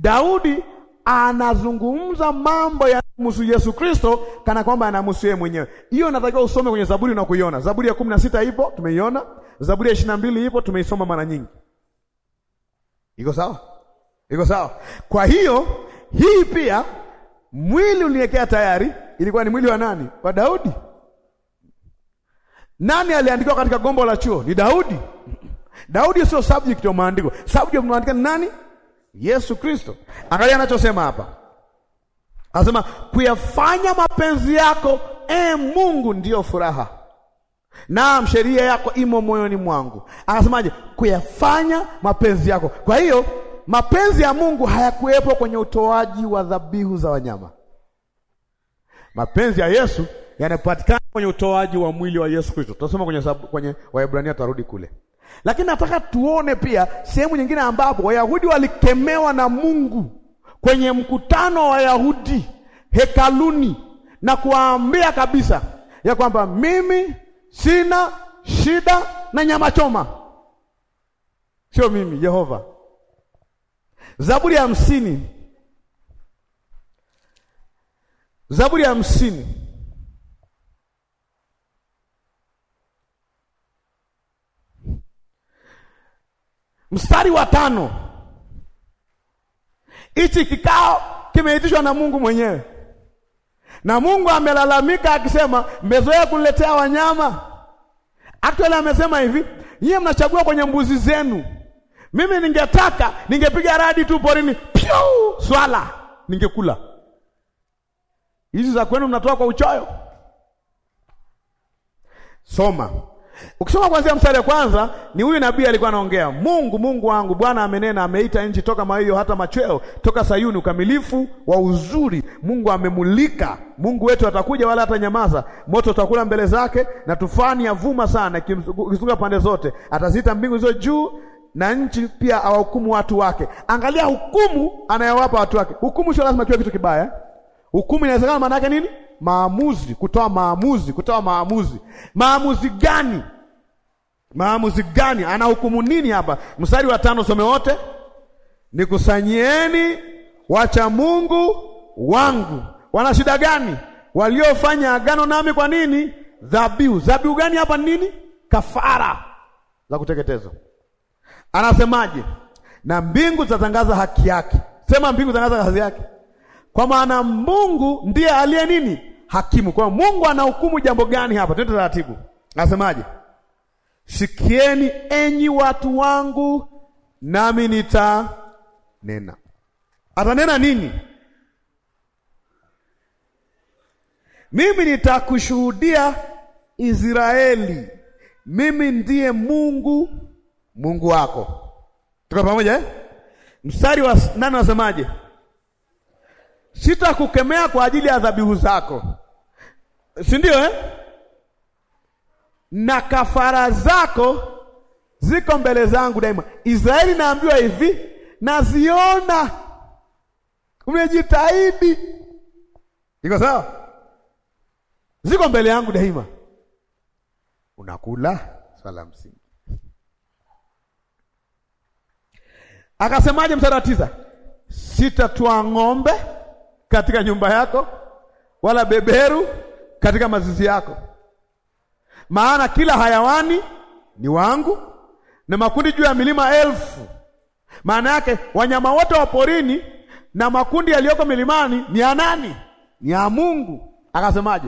Daudi anazungumza mambo ya musu Yesu Kristo kana kwamba anamhusu yeye mwenyewe. Hiyo natakiwa usome kwenye Zaburi na kuiona. Zaburi ya kumi na sita ipo, tumeiona. Zaburi ya ishirini na mbili ipo, tumeisoma mara nyingi. Iko sawa? Iko sawa. Kwa hiyo hii pia mwili uliwekea tayari, ilikuwa ni mwili wa nani? Wa Daudi. Nani aliandikiwa katika gombo la chuo? Ni Daudi. Daudi sio subject ya maandiko. Subject unaandika nani? Yesu Kristo. Angalia anachosema hapa, anasema kuyafanya mapenzi yako e Mungu ndiyo furaha, naam sheria yako imo moyoni mwangu. Anasemaje? Kuyafanya mapenzi yako. Kwa hiyo mapenzi ya Mungu hayakuwepo kwenye utoaji wa dhabihu za wanyama. Mapenzi ya Yesu yanapatikana kwenye utoaji wa mwili wa Yesu Kristo. Tutasoma kwenye, kwenye Waebrania, tutarudi kule. Lakini nataka tuone pia sehemu nyingine ambapo Wayahudi walikemewa na Mungu kwenye mkutano wa Wayahudi hekaluni na kuwaambia kabisa ya kwamba mimi sina shida na nyama choma, sio mimi Yehova. Zaburi ya hamsini Zaburi ya hamsini Mstari wa tano, hichi kikao kimeitishwa na Mungu mwenyewe, na Mungu amelalamika akisema, mmezoea kuniletea wanyama. Actually amesema hivi, nyie mnachagua kwenye mbuzi zenu, mimi ningetaka ningepiga radi tu porini, pyu swala ningekula. Hizi za kwenu mnatoa kwa uchoyo. Soma Ukisoma kwanzia mstari wa kwanza, ni huyu nabii alikuwa anaongea, Mungu Mungu wangu, Bwana amenena, ameita nchi toka mawio hata machweo, toka Sayuni ukamilifu wa uzuri. Mungu amemulika, Mungu wetu atakuja, wala hata nyamaza. Moto utakula mbele zake, na tufani yavuma sana, ikizunguka pande zote. Atazita mbingu hizo juu na nchi pia, awahukumu watu wake. Angalia hukumu anayowapa watu wake. Hukumu sio lazima kiwe kitu kibaya. Hukumu inawezekana, maana yake nini? maamuzi, kutoa maamuzi, kutoa maamuzi. Maamuzi gani? Maamuzi gani? Anahukumu nini hapa? Mstari wa tano, some wote. Nikusanyieni wacha Mungu wangu. Wana shida gani? Waliofanya agano nami kwa nini? Dhabihu. Dhabihu gani hapa? Nini? Kafara za kuteketeza. Anasemaje? Na mbingu zitatangaza haki yake. Sema mbingu zitatangaza kazi yake. Kwa maana Mungu ndiye aliye nini? Hakimu. Kwa Mungu anahukumu jambo gani hapa? Twende taratibu. Nasemaje? Sikieni enyi watu wangu, nami nitanena. Atanena nini? Mimi nitakushuhudia Israeli, mimi ndiye Mungu Mungu wako. Tuko pamoja eh? Mstari wa nane wasemaje? sitakukemea kwa ajili ya dhabihu zako, si ndio eh? na kafara zako ziko mbele zangu daima. Israeli naambiwa hivi, naziona, umejitahidi, iko sawa, ziko mbele yangu daima. Unakula swala msingi. Akasemaje mstari wa tisa? ng'ombe katika nyumba yako, wala beberu katika mazizi yako. Maana kila hayawani ni wangu, na makundi juu ya milima elfu. Maana yake wanyama wote wa porini na makundi yaliyoko milimani ni ya nani? Ni ya Mungu. Akasemaje?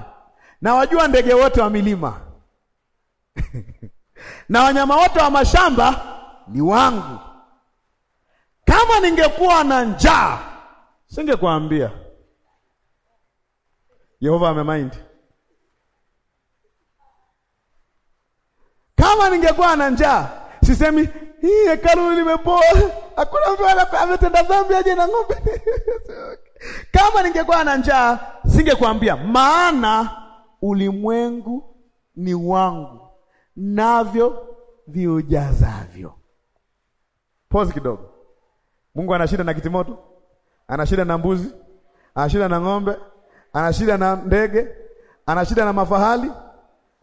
na wajua ndege wote wa milima na wanyama wote wa mashamba ni wangu. Kama ningekuwa na njaa singekuambia Yehova amemind. Kama ningekuwa na njaa, sisemi hii hekalu limepoa, hakuna mtu ametenda dhambi aje na ng'ombe. Kama ningekuwa na njaa, singekuambia, maana ulimwengu ni wangu, navyo viujazavyo. Pause kidogo. Mungu ana shida na kitimoto, ana shida na mbuzi, ana shida na ng'ombe ana shida na ndege, ana shida na mafahali.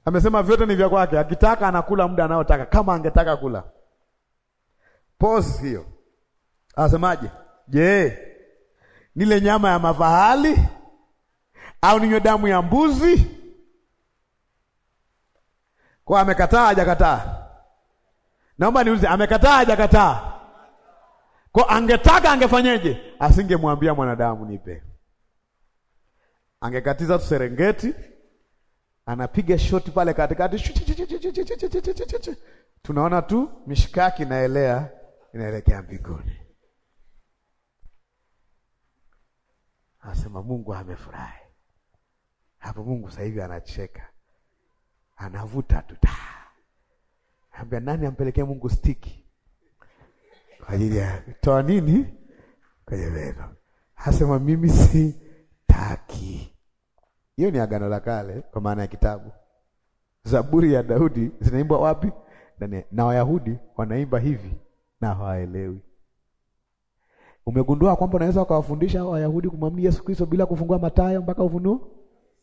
Amesema vyote ni vya kwake, akitaka anakula muda anaotaka, kama angetaka kula. Pause hiyo, asemaje? Je, nile nyama ya mafahali au ninywe damu ya mbuzi? Kwa amekataa hajakataa? Naomba niulize, amekataa hajakataa? Kwa angetaka angefanyeje? Asingemwambia mwanadamu nipe angekatiza tu Serengeti, anapiga shoti pale katikati, tunaona tu mishikaki inaelea inaelekea mbinguni. Anasema Mungu amefurahi hapo. Mungu sasa hivi anacheka, anavuta tu Ambia nani ampelekea Mungu stiki kwa ajili ya toa nini kwenye meno? Hasema mimi si taki hiyo ni Agano la Kale kwa maana ya kitabu. Zaburi ya Daudi zinaimbwa wapi? Na Wayahudi wanaimba hivi na hawaelewi. Umegundua kwamba unaweza ukawafundisha Wayahudi kumwamini Yesu Kristo bila kufungua Mathayo mpaka Ufunuo?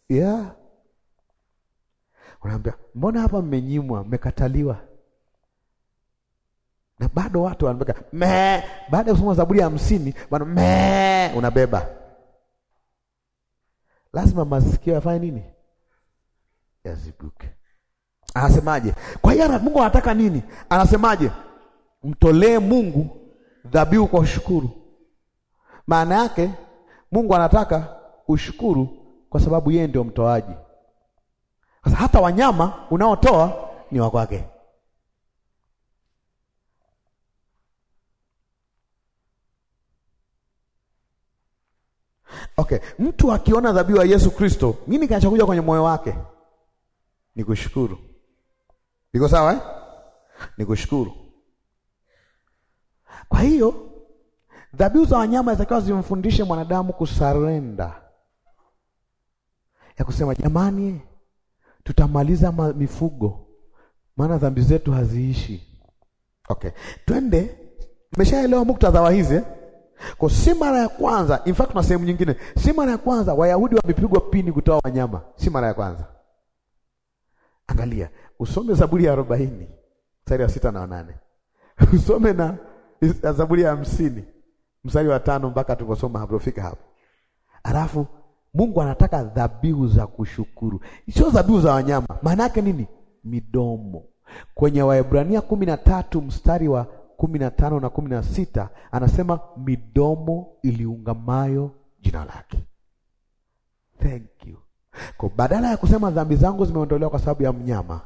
Yeah. Unaambia, mbona hapa mmenyimwa, mmekataliwa? Na bado watu wanabeka me, baada ya kusoma Zaburi ya hamsini bado me, unabeba lazima masikio yafanye nini? yazibuke Anasemaje? Kwa hiyo Mungu anataka nini? Anasemaje? Mtolee Mungu dhabihu kwa ushukuru. Maana yake Mungu anataka ushukuru, kwa sababu yeye ndio mtoaji. Sasa hata wanyama unaotoa ni wa kwake. Okay, mtu akiona dhabihu ya Yesu Kristo, nini kinachokuja kwenye moyo wake? ni kushukuru Niko sawa eh? kushukuru Kwa hiyo dhabihu za wanyama zitakiwa zimfundishe mwanadamu kusarenda, ya kusema jamani, tutamaliza mifugo, maana dhambi zetu haziishi. Okay, twende. meshaelewa muktadha wa hizi eh? Kwa si mara ya kwanza, in fact na sehemu nyingine, si mara ya kwanza Wayahudi wamepigwa pini kutoa wanyama, si mara ya kwanza. Angalia, usome Zaburi ya arobaini mstari wa sita na nane usome na Zaburi ya hamsini mstari wa tano mpaka tuliposoma haprofika hapo, alafu Mungu anataka dhabihu za kushukuru, sio dhabihu za wanyama. Maana yake nini? Midomo. Kwenye Waebrania kumi na tatu mstari wa kumi na tano na kumi na sita anasema midomo iliungamayo jina lake. Thank you. Kwa badala ya kusema dhambi zangu zimeondolewa kwa sababu ya mnyama,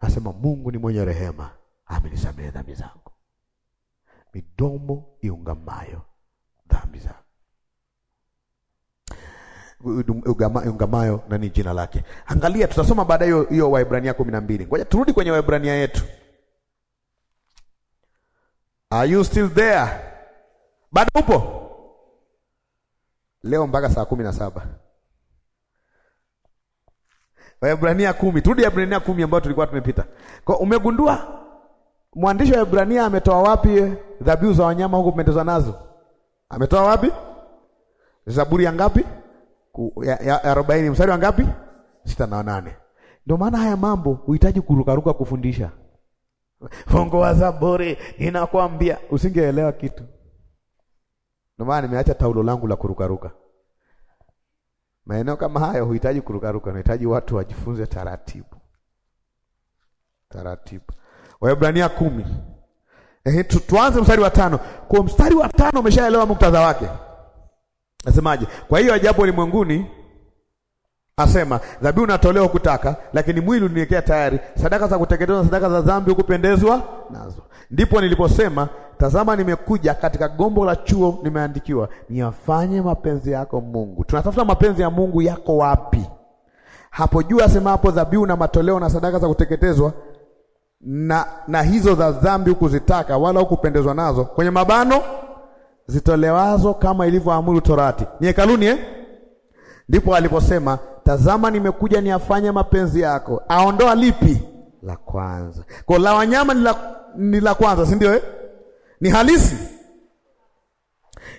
anasema Mungu ni mwenye rehema, amenisamehe dhambi zangu. Midomo iungamayo dhambi zangu iungamayo nani jina lake. Angalia, tutasoma baadaye hiyo hiyo Waebrania kumi na mbili. Ngoja turudi kwenye Waebrania yetu. Are you still there? Bado upo leo mpaka saa kumi na saba. Waebrania kumi, turudi Waebrania kumi ambayo tulikuwa tumepita. Kwa umegundua mwandishi wa Waebrania ametoa wapi eh, dhabihu za wanyama huko kupendezwa nazo? Ametoa wapi? Zaburi ya ngapi? ya arobaini mstari wa ngapi? sita na nane. Ndio maana haya mambo huhitaji kurukaruka kufundisha wa Zaburi inakwambia, usingeelewa kitu. Ndio maana nimeacha taulo langu la kurukaruka. Maeneo kama hayo huhitaji kurukaruka, unahitaji watu wajifunze taratibu taratibu. Waebrania kumi. Eh, tuanze mstari wa tano. Kwa mstari wa tano umeshaelewa muktadha wake. Nasemaje? Kwa hiyo ajabu ulimwenguni asema dhabihu natolewa kutaka, lakini mwili uliniwekea tayari, sadaka za kuteketezwa, sadaka za dhambi hukupendezwa nazo. Ndipo niliposema tazama, nimekuja katika gombo la chuo, nimeandikiwa niyafanye mapenzi yako Mungu. Tunatafuta mapenzi ya Mungu yako wapi? Hapo juu asema hapo, dhabihu na matoleo na sadaka za kuteketezwa na, na hizo za dhambi hukuzitaka wala hukupendezwa nazo, kwenye mabano zitolewazo kama ilivyoamuru torati ni hekaluni eh? Ndipo aliposema tazama, nimekuja niafanye mapenzi yako. Aondoa lipi? La kwanza. Kwa la wanyama ni la kwanza, si ndio eh? Ni halisi,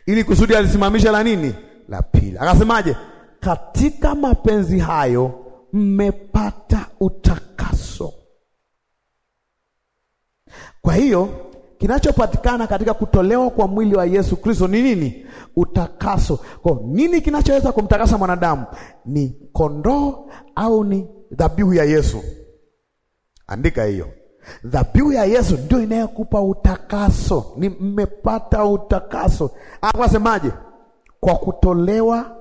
ili kusudi alisimamisha la nini? La pili. Akasemaje? Katika mapenzi hayo mmepata utakaso. Kwa hiyo Kinachopatikana katika kutolewa kwa mwili wa Yesu Kristo ni nini? Utakaso. Kwa nini kinachoweza kumtakasa mwanadamu? Ni kondoo au ni dhabihu ya Yesu? Andika hiyo. Dhabihu ya Yesu ndio inayokupa utakaso. Ni mmepata utakaso. Akasemaje? Kwa kutolewa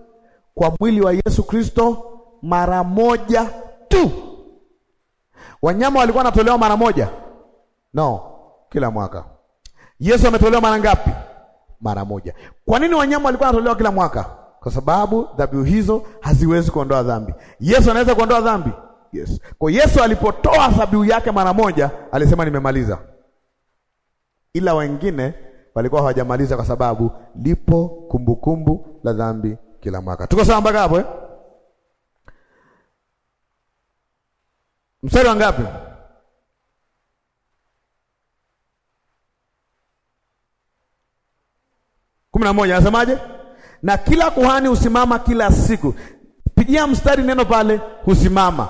kwa mwili wa Yesu Kristo mara moja tu. Wanyama walikuwa wanatolewa mara moja? No, kila mwaka. Yesu ametolewa mara ngapi? Mara moja. Kwa nini wanyama walikuwa wanatolewa kila mwaka? Kwa sababu dhabihu hizo haziwezi kuondoa dhambi. Yesu anaweza kuondoa dhambi? Yes. Kwa Yesu alipotoa dhabihu yake mara moja, alisema nimemaliza. Ila wengine walikuwa hawajamaliza kwa sababu lipo kumbukumbu kumbu la dhambi kila mwaka. Tuko sawa mpaka hapo eh? Mstari wa ngapi? kumi na moja anasemaje? Na kila kuhani husimama kila siku. Pigia mstari neno pale, husimama,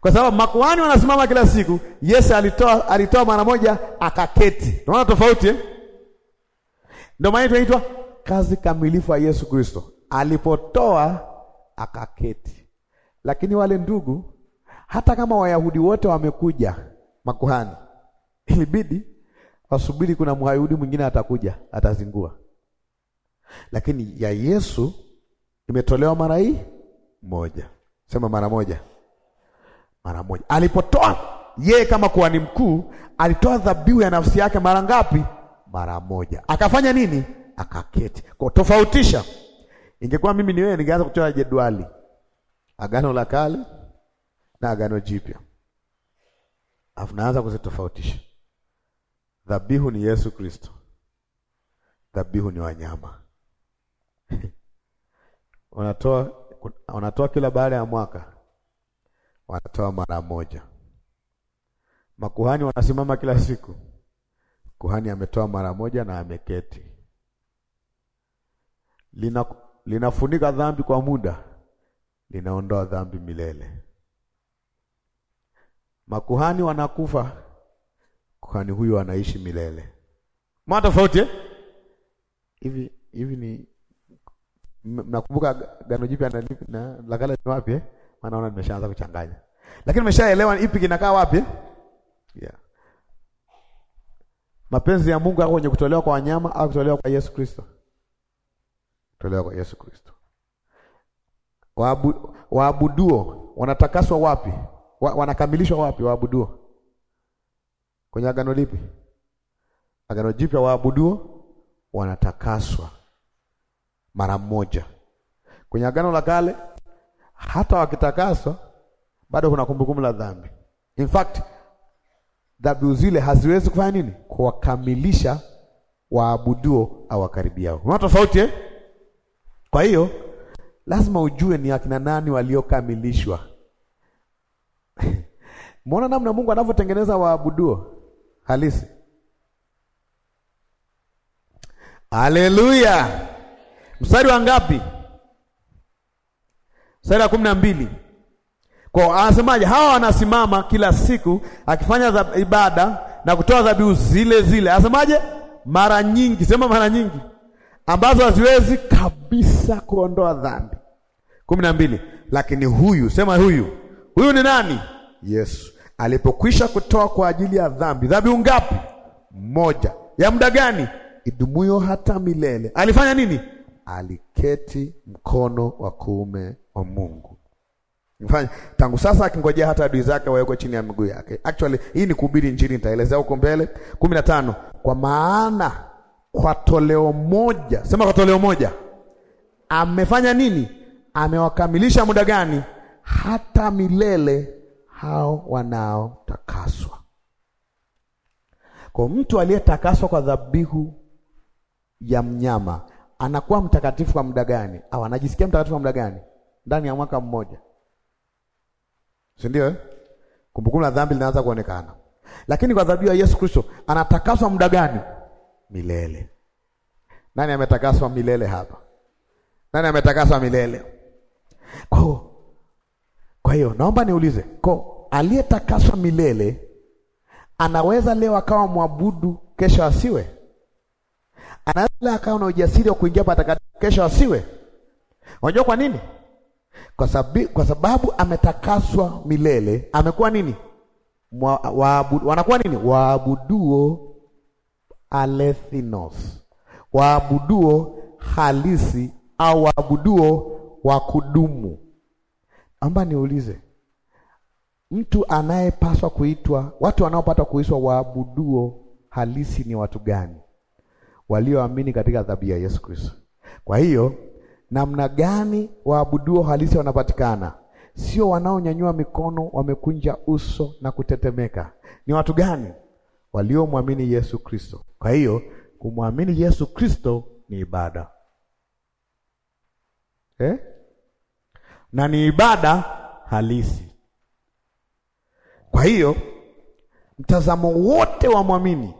kwa sababu makuhani wanasimama kila siku. Yesu alitoa alitoa mara moja akaketi. Unaona tofauti eh? Ndio maana inaitwa kazi kamilifu ya Yesu Kristo, alipotoa akaketi. Lakini wale ndugu, hata kama Wayahudi wote wamekuja makuhani, ilibidi wasubiri, kuna Myahudi mwingine atakuja, atazingua lakini ya Yesu imetolewa mara hii moja. Sema mara moja, mara moja. Alipotoa yeye kama kuhani mkuu, alitoa dhabihu ya nafsi yake mara ngapi? Mara moja. Akafanya nini? Akaketi. Kwa tofautisha, ingekuwa mimi ni wewe, ningeanza kutoa jedwali, agano la kale na agano jipya, afu naanza kuzitofautisha. Dhabihu ni Yesu Kristo, dhabihu ni wanyama. wanatoa wanatoa kila baada ya mwaka, wanatoa mara moja. Makuhani wanasimama kila siku, kuhani ametoa mara moja na ameketi. Lina, linafunika dhambi kwa muda, linaondoa dhambi milele. Makuhani wanakufa, kuhani huyu anaishi milele. Mwa tofauti eh? hivi hivi ni mnakumbuka gano jipya na, na la kale ni wapi eh? Maana naona nimeshaanza kuchanganya, lakini nimeshaelewa ipi kinakaa wapi yeah. Mapenzi ya Mungu yako kwenye kutolewa kwa wanyama au kutolewa kwa Yesu Kristo? Kutolewa kwa Yesu Kristo. waabuduo waabuduo wanatakaswa wapi? Wa, wanakamilishwa wapi waabuduo? Kwenye agano lipi? Agano jipya waabuduo wanatakaswa mara moja. Kwenye Agano la Kale hata wakitakaswa bado kuna kumbukumbu la dhambi. In fact, dhabihu zile haziwezi kufanya nini? Kuwakamilisha waabuduo au wakaribiao. Kuna tofauti eh? Kwa hiyo lazima ujue ni akina nani waliokamilishwa. mwona namna Mungu anavyotengeneza waabuduo halisi. Haleluya! Mstari wa ngapi? Mstari wa kumi na mbili. Kwa anasemaje? Hawa wanasimama kila siku akifanya ibada na kutoa dhabihu zile zile, anasemaje? Mara nyingi, sema mara nyingi, ambazo haziwezi kabisa kuondoa dhambi. kumi na mbili. Lakini huyu, sema huyu, huyu ni nani? Yesu alipokwisha kutoa kwa ajili ya dhambi dhabihu ngapi? Moja ya muda gani? Idumuyo hata milele. Alifanya nini? aliketi mkono wa kuume wa Mungu. Mfanye tangu sasa akingojea hata adui zake wawekwe chini ya miguu yake. Actually hii ni kuhubiri Injili, nitaelezea huko mbele. kumi na tano, kwa maana kwa toleo moja, sema kwa toleo moja amefanya nini? Amewakamilisha muda gani? Hata milele hao wanaotakaswa. Kwa mtu aliyetakaswa kwa dhabihu ya mnyama anakuwa mtakatifu kwa muda gani au anajisikia mtakatifu kwa muda gani? Ndani ya mwaka mmoja, si ndio? Eh? Kumbukumbu la dhambi linaanza kuonekana, lakini kwa dhabihu ya Yesu Kristo anatakaswa muda gani? Milele. Nani ametakaswa milele hapa? Nani ametakaswa milele? Kwa kwa hiyo naomba niulize, kwa aliyetakaswa milele anaweza leo akawa mwabudu, kesho asiwe? akawa na ujasiri wa kuingia patakatifu, kesho asiwe. Unajua kwa nini? Kwa sababu, kwa sababu ametakaswa milele, amekuwa nini? Mwa, waabudu, wanakuwa nini? Waabuduo alethinos, waabuduo halisi au waabuduo wa kudumu. Amba niulize mtu anayepaswa kuitwa, watu wanaopata kuitwa waabuduo halisi ni watu gani? walioamini katika adhabu ya Yesu Kristo. Kwa hiyo namna gani waabuduo halisi wanapatikana? Sio wanaonyanyua mikono, wamekunja uso na kutetemeka. Ni watu gani? Waliomwamini Yesu Kristo. Kwa hiyo kumwamini Yesu Kristo ni ibada eh? na ni ibada halisi. Kwa hiyo mtazamo wote wa mwamini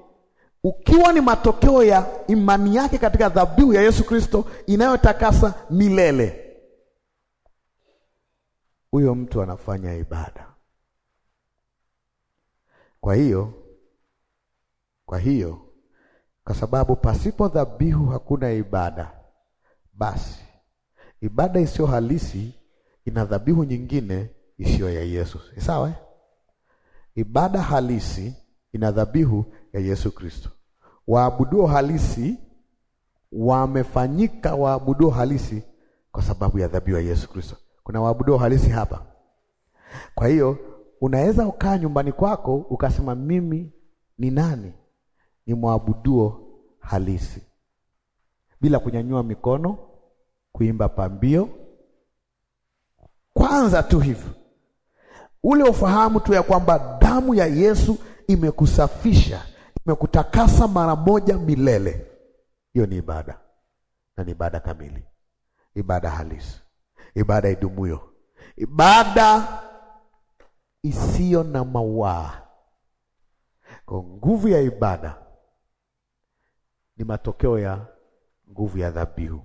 ukiwa ni matokeo ya imani yake katika dhabihu ya Yesu Kristo inayotakasa milele. Huyo mtu anafanya ibada. Kwa hiyo kwa hiyo, kwa sababu pasipo dhabihu hakuna ibada, basi ibada isiyo halisi ina dhabihu nyingine isiyo ya Yesu. Sawa? Ibada halisi ina dhabihu ya Yesu Kristo. Waabuduo halisi wamefanyika waabuduo halisi kwa sababu ya dhabihu ya Yesu Kristo. Kuna waabuduo halisi hapa. Kwa hiyo unaweza ukaa nyumbani kwako ukasema mimi ni nani? Ni mwabuduo halisi, bila kunyanyua mikono, kuimba pambio. Kwanza tu hivyo, ule ufahamu tu ya kwamba damu ya Yesu imekusafisha, imekutakasa mara moja milele. Hiyo ni ibada, na ni ibada kamili, ibada halisi, ibada idumuyo, ibada isiyo na mawaa. Kwa nguvu ya ibada ni matokeo ya nguvu ya dhabihu.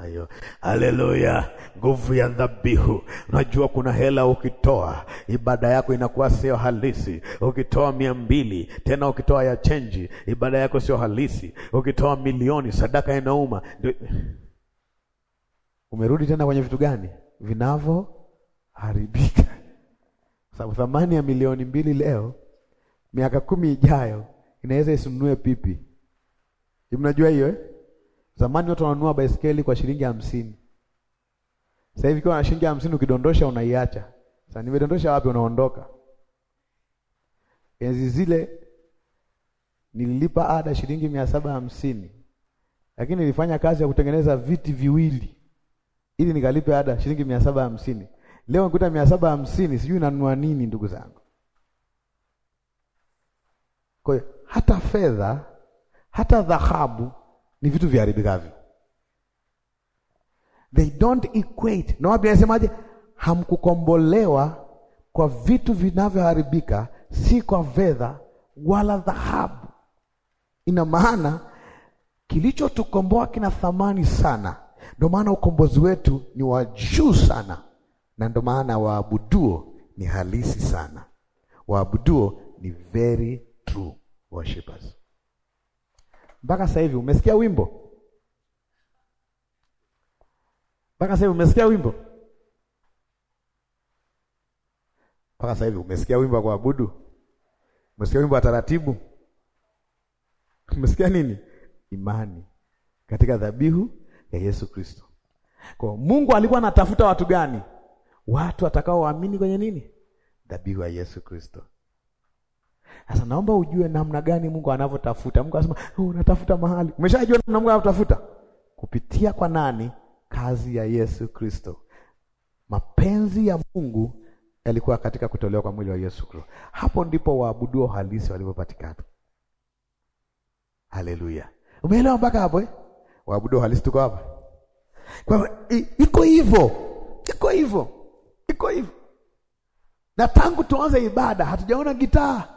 Ayo. haleluya! Nguvu ya dhabihu. Unajua kuna hela ukitoa, ibada yako inakuwa sio halisi. Ukitoa mia mbili tena ukitoa ya chenji, ibada yako sio halisi. Ukitoa milioni, sadaka inauma. Umerudi tena kwenye vitu gani vinavyoharibika, sababu thamani ya milioni mbili leo, miaka kumi ijayo inaweza isinunue pipi. Mnajua hiyo eh? Zamani watu wanunua baisikeli kwa shilingi hamsini. Sasa hivi kwa shilingi hamsini ukidondosha unaiacha. Sasa nimedondosha wapi? Unaondoka. Enzi zile nililipa ada shilingi mia saba hamsini, lakini nilifanya kazi ya kutengeneza viti viwili ili nikalipe ada shilingi mia saba hamsini. Leo nikuta mia saba hamsini, sijui nanunua nini, ndugu zangu. Kwa hiyo hata fedha, hata dhahabu ni vitu viharibikavyo. They don't equate. Na wapi anasemaje? Hamkukombolewa kwa vitu vinavyoharibika, si kwa fedha wala dhahabu. Ina maana kilichotukomboa kina thamani sana, ndio maana ukombozi wetu ni wa juu sana, na ndio maana waabuduo ni halisi sana. Waabuduo ni very true worshipers mpaka sasa hivi umesikia wimbo? Mpaka sasa hivi umesikia wimbo? Mpaka sasa hivi umesikia wimbo wa kuabudu? Umesikia wimbo wa taratibu? Umesikia nini? Imani katika dhabihu ya Yesu Kristo. Kwa Mungu alikuwa anatafuta watu gani? Watu watakaoamini kwenye nini? Dhabihu ya Yesu Kristo. Sasa naomba ujue namna gani Mungu anavyotafuta. Mungu anasema, "Oh, unatafuta mahali." Umeshajua namna Mungu anavyotafuta? Kupitia kwa nani? Kazi ya Yesu Kristo. Mapenzi ya Mungu yalikuwa katika kutolewa kwa mwili wa Yesu Kristo. Hapo ndipo waabuduo halisi walipopatikana. Haleluya. Umeelewa mpaka hapo eh? Waabuduo halisi tuko hapa. Kwa iko hivyo. Iko hivyo. Iko hivyo. Na tangu tuanze ibada hatujaona gitaa.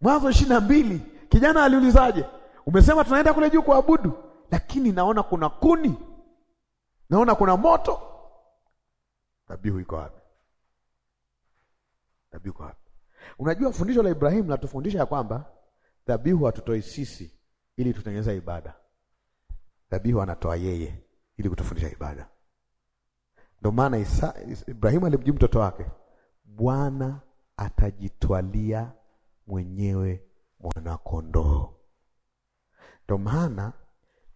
Mwanzo ishirini na mbili kijana aliulizaje? Umesema tunaenda kule juu kuabudu, lakini naona kuna kuni, naona kuna moto. Dhabihu iko wapi? Dhabihu iko wapi? Unajua, fundisho la Ibrahimu natufundisha ya kwamba dhabihu hatutoi sisi ili tutengeneza ibada. Dhabihu anatoa yeye ili kutufundisha ibada. Ndio maana Ibrahimu alimjibu mtoto wake, Bwana atajitwalia mwenyewe mwanakondoo. Ndo maana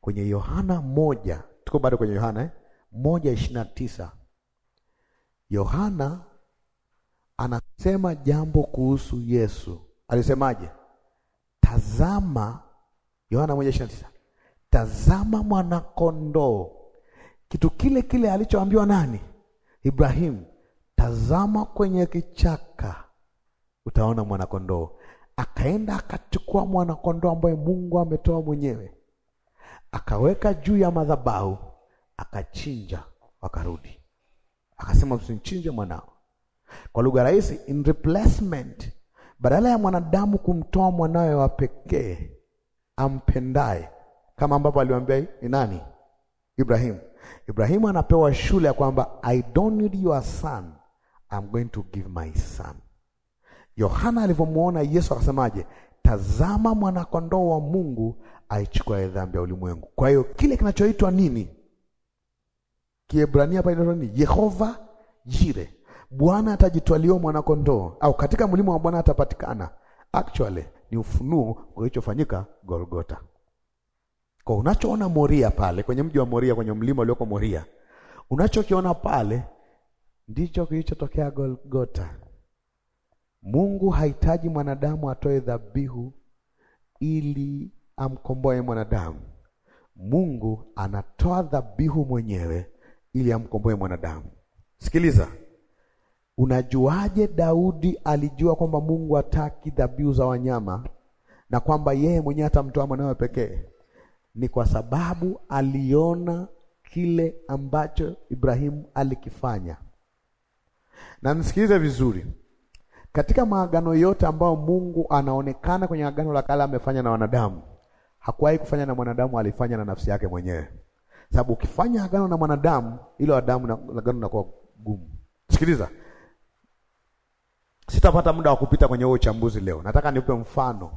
kwenye Yohana moja, tuko bado kwenye Yohana eh? moja ishirini na tisa Yohana anasema jambo kuhusu Yesu. Alisemaje? Tazama, Yohana moja ishirini na tisa tazama mwanakondoo, kitu kile kile alichoambiwa nani? Ibrahimu, tazama kwenye kichaka utaona mwanakondoo akaenda akachukua kondoo ambaye Mungu ametoa mwenyewe, akaweka juu ya madhabahu, akachinja, wakarudi. Akasema, usimchinje mwanao. Kwa lugha rahisi, in replacement, badala ya mwanadamu kumtoa mwanawe wa pekee ampendaye, kama ambapo aliwaambia ni nani? Ibrahimu. Ibrahimu anapewa shule ya kwamba I don't need your son, I'm going to give my son. Yohana alivyomwona Yesu akasemaje? Tazama mwanakondoo wa Mungu aichukua dhambi ya ulimwengu. Kwa hiyo kile kinachoitwa nini? Kiebrania hapa inaitwa nini? Yehova Jire, Bwana atajitwaliwa mwanakondoo, au katika mlima wa Bwana atapatikana. Actually ni ufunuo ulichofanyika Golgota. Kwa unachoona Moria pale kwenye mji wa Moria, kwenye mlima ulioko Moria, unachokiona pale ndicho kilichotokea Golgota. Mungu hahitaji mwanadamu atoe dhabihu ili amkomboe mwanadamu. Mungu anatoa dhabihu mwenyewe ili amkomboe mwanadamu. Sikiliza, unajuaje Daudi alijua kwamba Mungu hataki dhabihu za wanyama na kwamba yeye mwenyewe atamtoa mwanawe pekee? Ni kwa sababu aliona kile ambacho Ibrahimu alikifanya. Na nisikilize vizuri katika maagano yote ambayo Mungu anaonekana kwenye agano la kale amefanya na wanadamu, hakuwahi kufanya na mwanadamu, alifanya na nafsi yake mwenyewe. Sababu ukifanya agano na mwanadamu, ile adamu na agano linakuwa gumu. Sikiliza, sitapata muda wa kupita kwenye huo uchambuzi leo. Nataka niupe mfano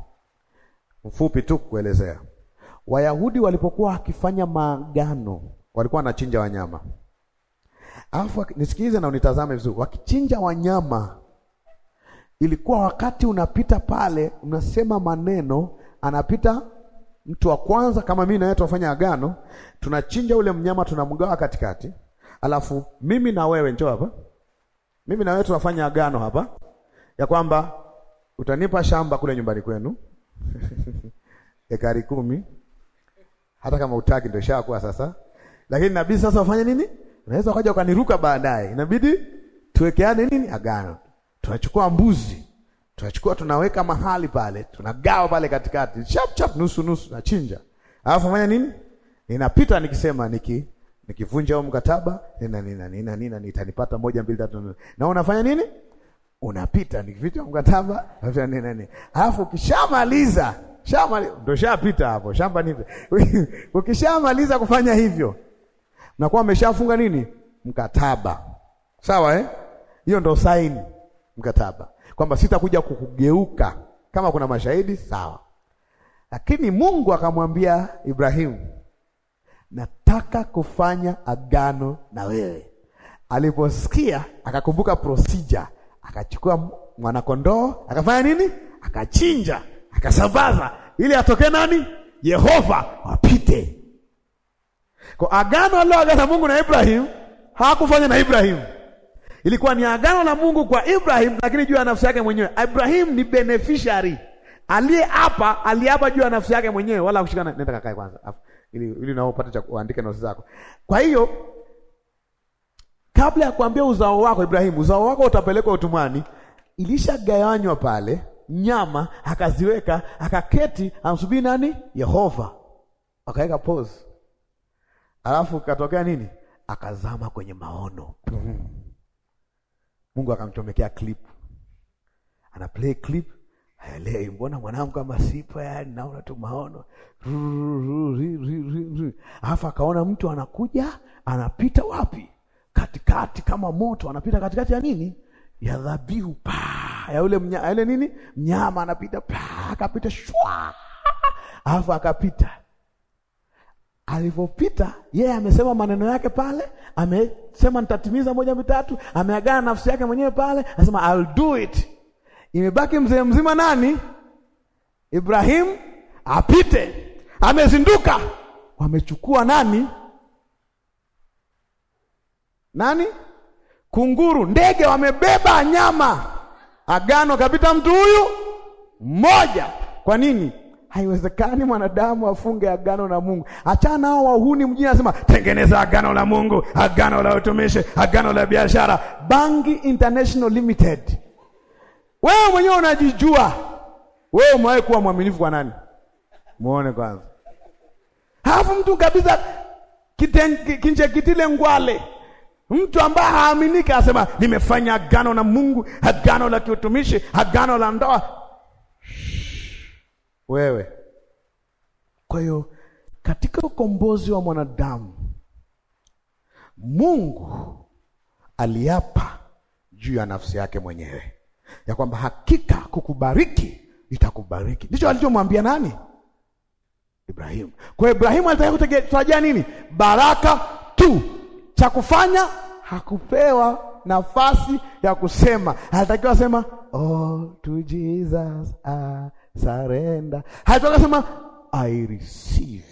mfupi tu kuelezea. Wayahudi walipokuwa wakifanya maagano, walikuwa wanachinja wanyama, alafu nisikilize na unitazame vizuri, wakichinja wanyama Ilikuwa wakati unapita pale, unasema maneno, anapita mtu wa kwanza kama mimi na wewe tunafanya agano, tunachinja ule mnyama, tunamgawa katikati, alafu mimi na wewe, njoo hapa, mimi na wewe tunafanya agano hapa ya kwamba utanipa shamba kule nyumbani kwenu ekari kumi, hata kama utaki, ndio shakuwa sasa. Lakini nabii sasa ufanye nini? Unaweza ukaja ukaniruka baadaye, inabidi tuwekeane nini agano tunachukua mbuzi, tunachukua tunaweka mahali pale, tunagawa pale katikati, chap chap, nusu nusu, nachinja. Alafu fanya nini? Ninapita nikisema niki nikivunja huo mkataba nina nina nina nina nitanipata moja mbili tatu Na unafanya nini? Unapita nikivunja mkataba nafanya nina nina. Alafu ukishamaliza, shamba ndio shapita hapo, shamba nipe. Ukishamaliza kufanya hivyo, mnakuwa ameshafunga nini? Mkataba. Sawa eh? Hiyo ndio saini mkataba kwamba sitakuja kukugeuka. Kama kuna mashahidi sawa, lakini Mungu akamwambia Ibrahimu, nataka kufanya agano na wewe. Aliposikia akakumbuka procedure, akachukua mwanakondoo akafanya nini? Akachinja, akasambaza ili atoke nani? Yehova, wapite kwa agano aliloagana Mungu na Ibrahimu, hakufanya na Ibrahimu Ilikuwa ni agano la Mungu kwa Ibrahim, lakini juu ya nafsi yake mwenyewe. Ibrahim ni beneficiary aliye hapa, aliapa juu ya nafsi yake mwenyewe, wala kushikana. Nenda kakae kwanza, hapo, ili ili nao upate cha kuandika nafsi zako. Kwa hiyo kabla ya kuambia uzao wako Ibrahim, uzao wako utapelekwa utumwani, ilishagawanywa pale nyama akaziweka, akaketi, amsubiri nani? Yehova. Akaweka pause, alafu katokea nini? Akazama kwenye maono. mm -hmm. Mungu akamchomekea clip, ana play clip, haelewi. Mbona mwanangu kama sipa, yani naona tu maono, alafu akaona mtu anakuja anapita wapi katikati, kama moto anapita katikati ya nini, ya dhabihu pa ya ule mnya, ya ule nini mnyama, anapita pa, akapita shwa, alafu akapita alivyopita yeye yeah, amesema maneno yake pale, amesema nitatimiza moja mitatu, ameagana nafsi yake mwenyewe pale, anasema I'll do it. Imebaki mzee mzima nani? Ibrahim apite, amezinduka. Wamechukua nani? Nani? Kunguru, ndege wamebeba nyama. Agano kapita mtu huyu mmoja. Kwa nini? Haiwezekani mwanadamu afunge agano na Mungu. Achana nao wahuni mjini, anasema tengeneza agano la Mungu, agano la utumishi, agano la biashara. Bangi International Limited, wewe mwenyewe unajijua wewe umewahi kuwa mwaminifu kwa nani? Muone kwanza, halafu mtu kabisa Kinjekitile Ngwale, mtu ambaye haaminiki, anasema nimefanya agano na Mungu, agano la kiutumishi, agano la ndoa wewe. Kwa hiyo katika ukombozi wa mwanadamu Mungu aliapa juu ya nafsi yake mwenyewe ya kwamba hakika kukubariki itakubariki. Ndicho alichomwambia nani? Ibrahimu. Kwa Ibrahimu alitaka kutarajia nini? Baraka tu. Cha kufanya hakupewa nafasi ya kusema, alitakiwa sema oh to Jesus ah surrender. Hata akasema I receive.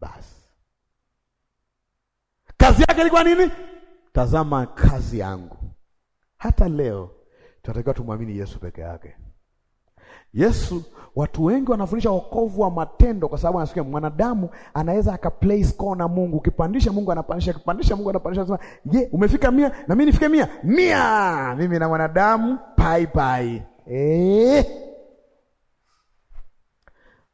Bas. kazi yake ilikuwa nini? Tazama kazi yangu. Hata leo tunatakiwa tumwamini Yesu peke yake. Yesu, watu wengi wanafundisha wokovu wa matendo, kwa sababu anasikia mwanadamu anaweza aka place score na Mungu. Ukipandisha Mungu anapandisha, kipandisha Mungu anapandisha. Sema je, umefika mia na mimi nifike mia mia, mimi na mwanadamu pai pai, eh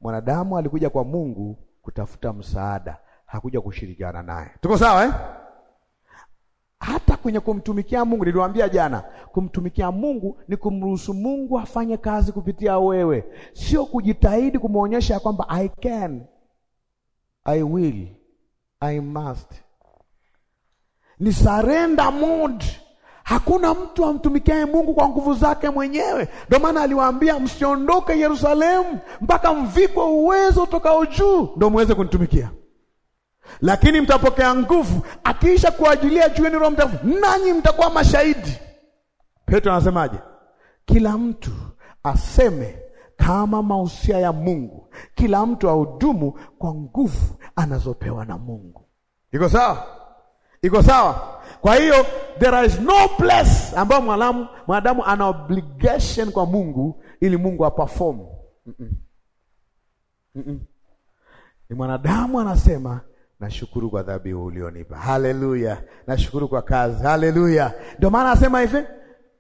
Mwanadamu alikuja kwa Mungu kutafuta msaada, hakuja kushirikiana naye. Tuko sawa eh? Hata kwenye kumtumikia Mungu niliwaambia jana, kumtumikia Mungu ni kumruhusu Mungu afanye kazi kupitia wewe, sio kujitahidi kumwonyesha ya kwamba I can, I will, I must. Ni surrender mode. Hakuna mtu amtumikiaye Mungu kwa nguvu zake mwenyewe. Ndio maana aliwaambia msiondoke Yerusalemu mpaka mvikwe uwezo utokao juu, ndio muweze kunitumikia. Lakini mtapokea nguvu, akiisha kuajilia juu yenu Roho Mtakatifu, nanyi mtakuwa mashahidi. Petro anasemaje? Kila mtu aseme kama mausia ya Mungu, kila mtu ahudumu kwa nguvu anazopewa na Mungu. Iko sawa? Iko sawa? Kwa hiyo there is no place ambayo mwanadamu mwanadamu ana obligation kwa Mungu ili Mungu aperform. Mm -mm. Mm -mm. Ni mwanadamu anasema nashukuru kwa dhabihu ulionipa. Haleluya. Nashukuru kwa kazi. Haleluya. Ndio maana anasema hivi,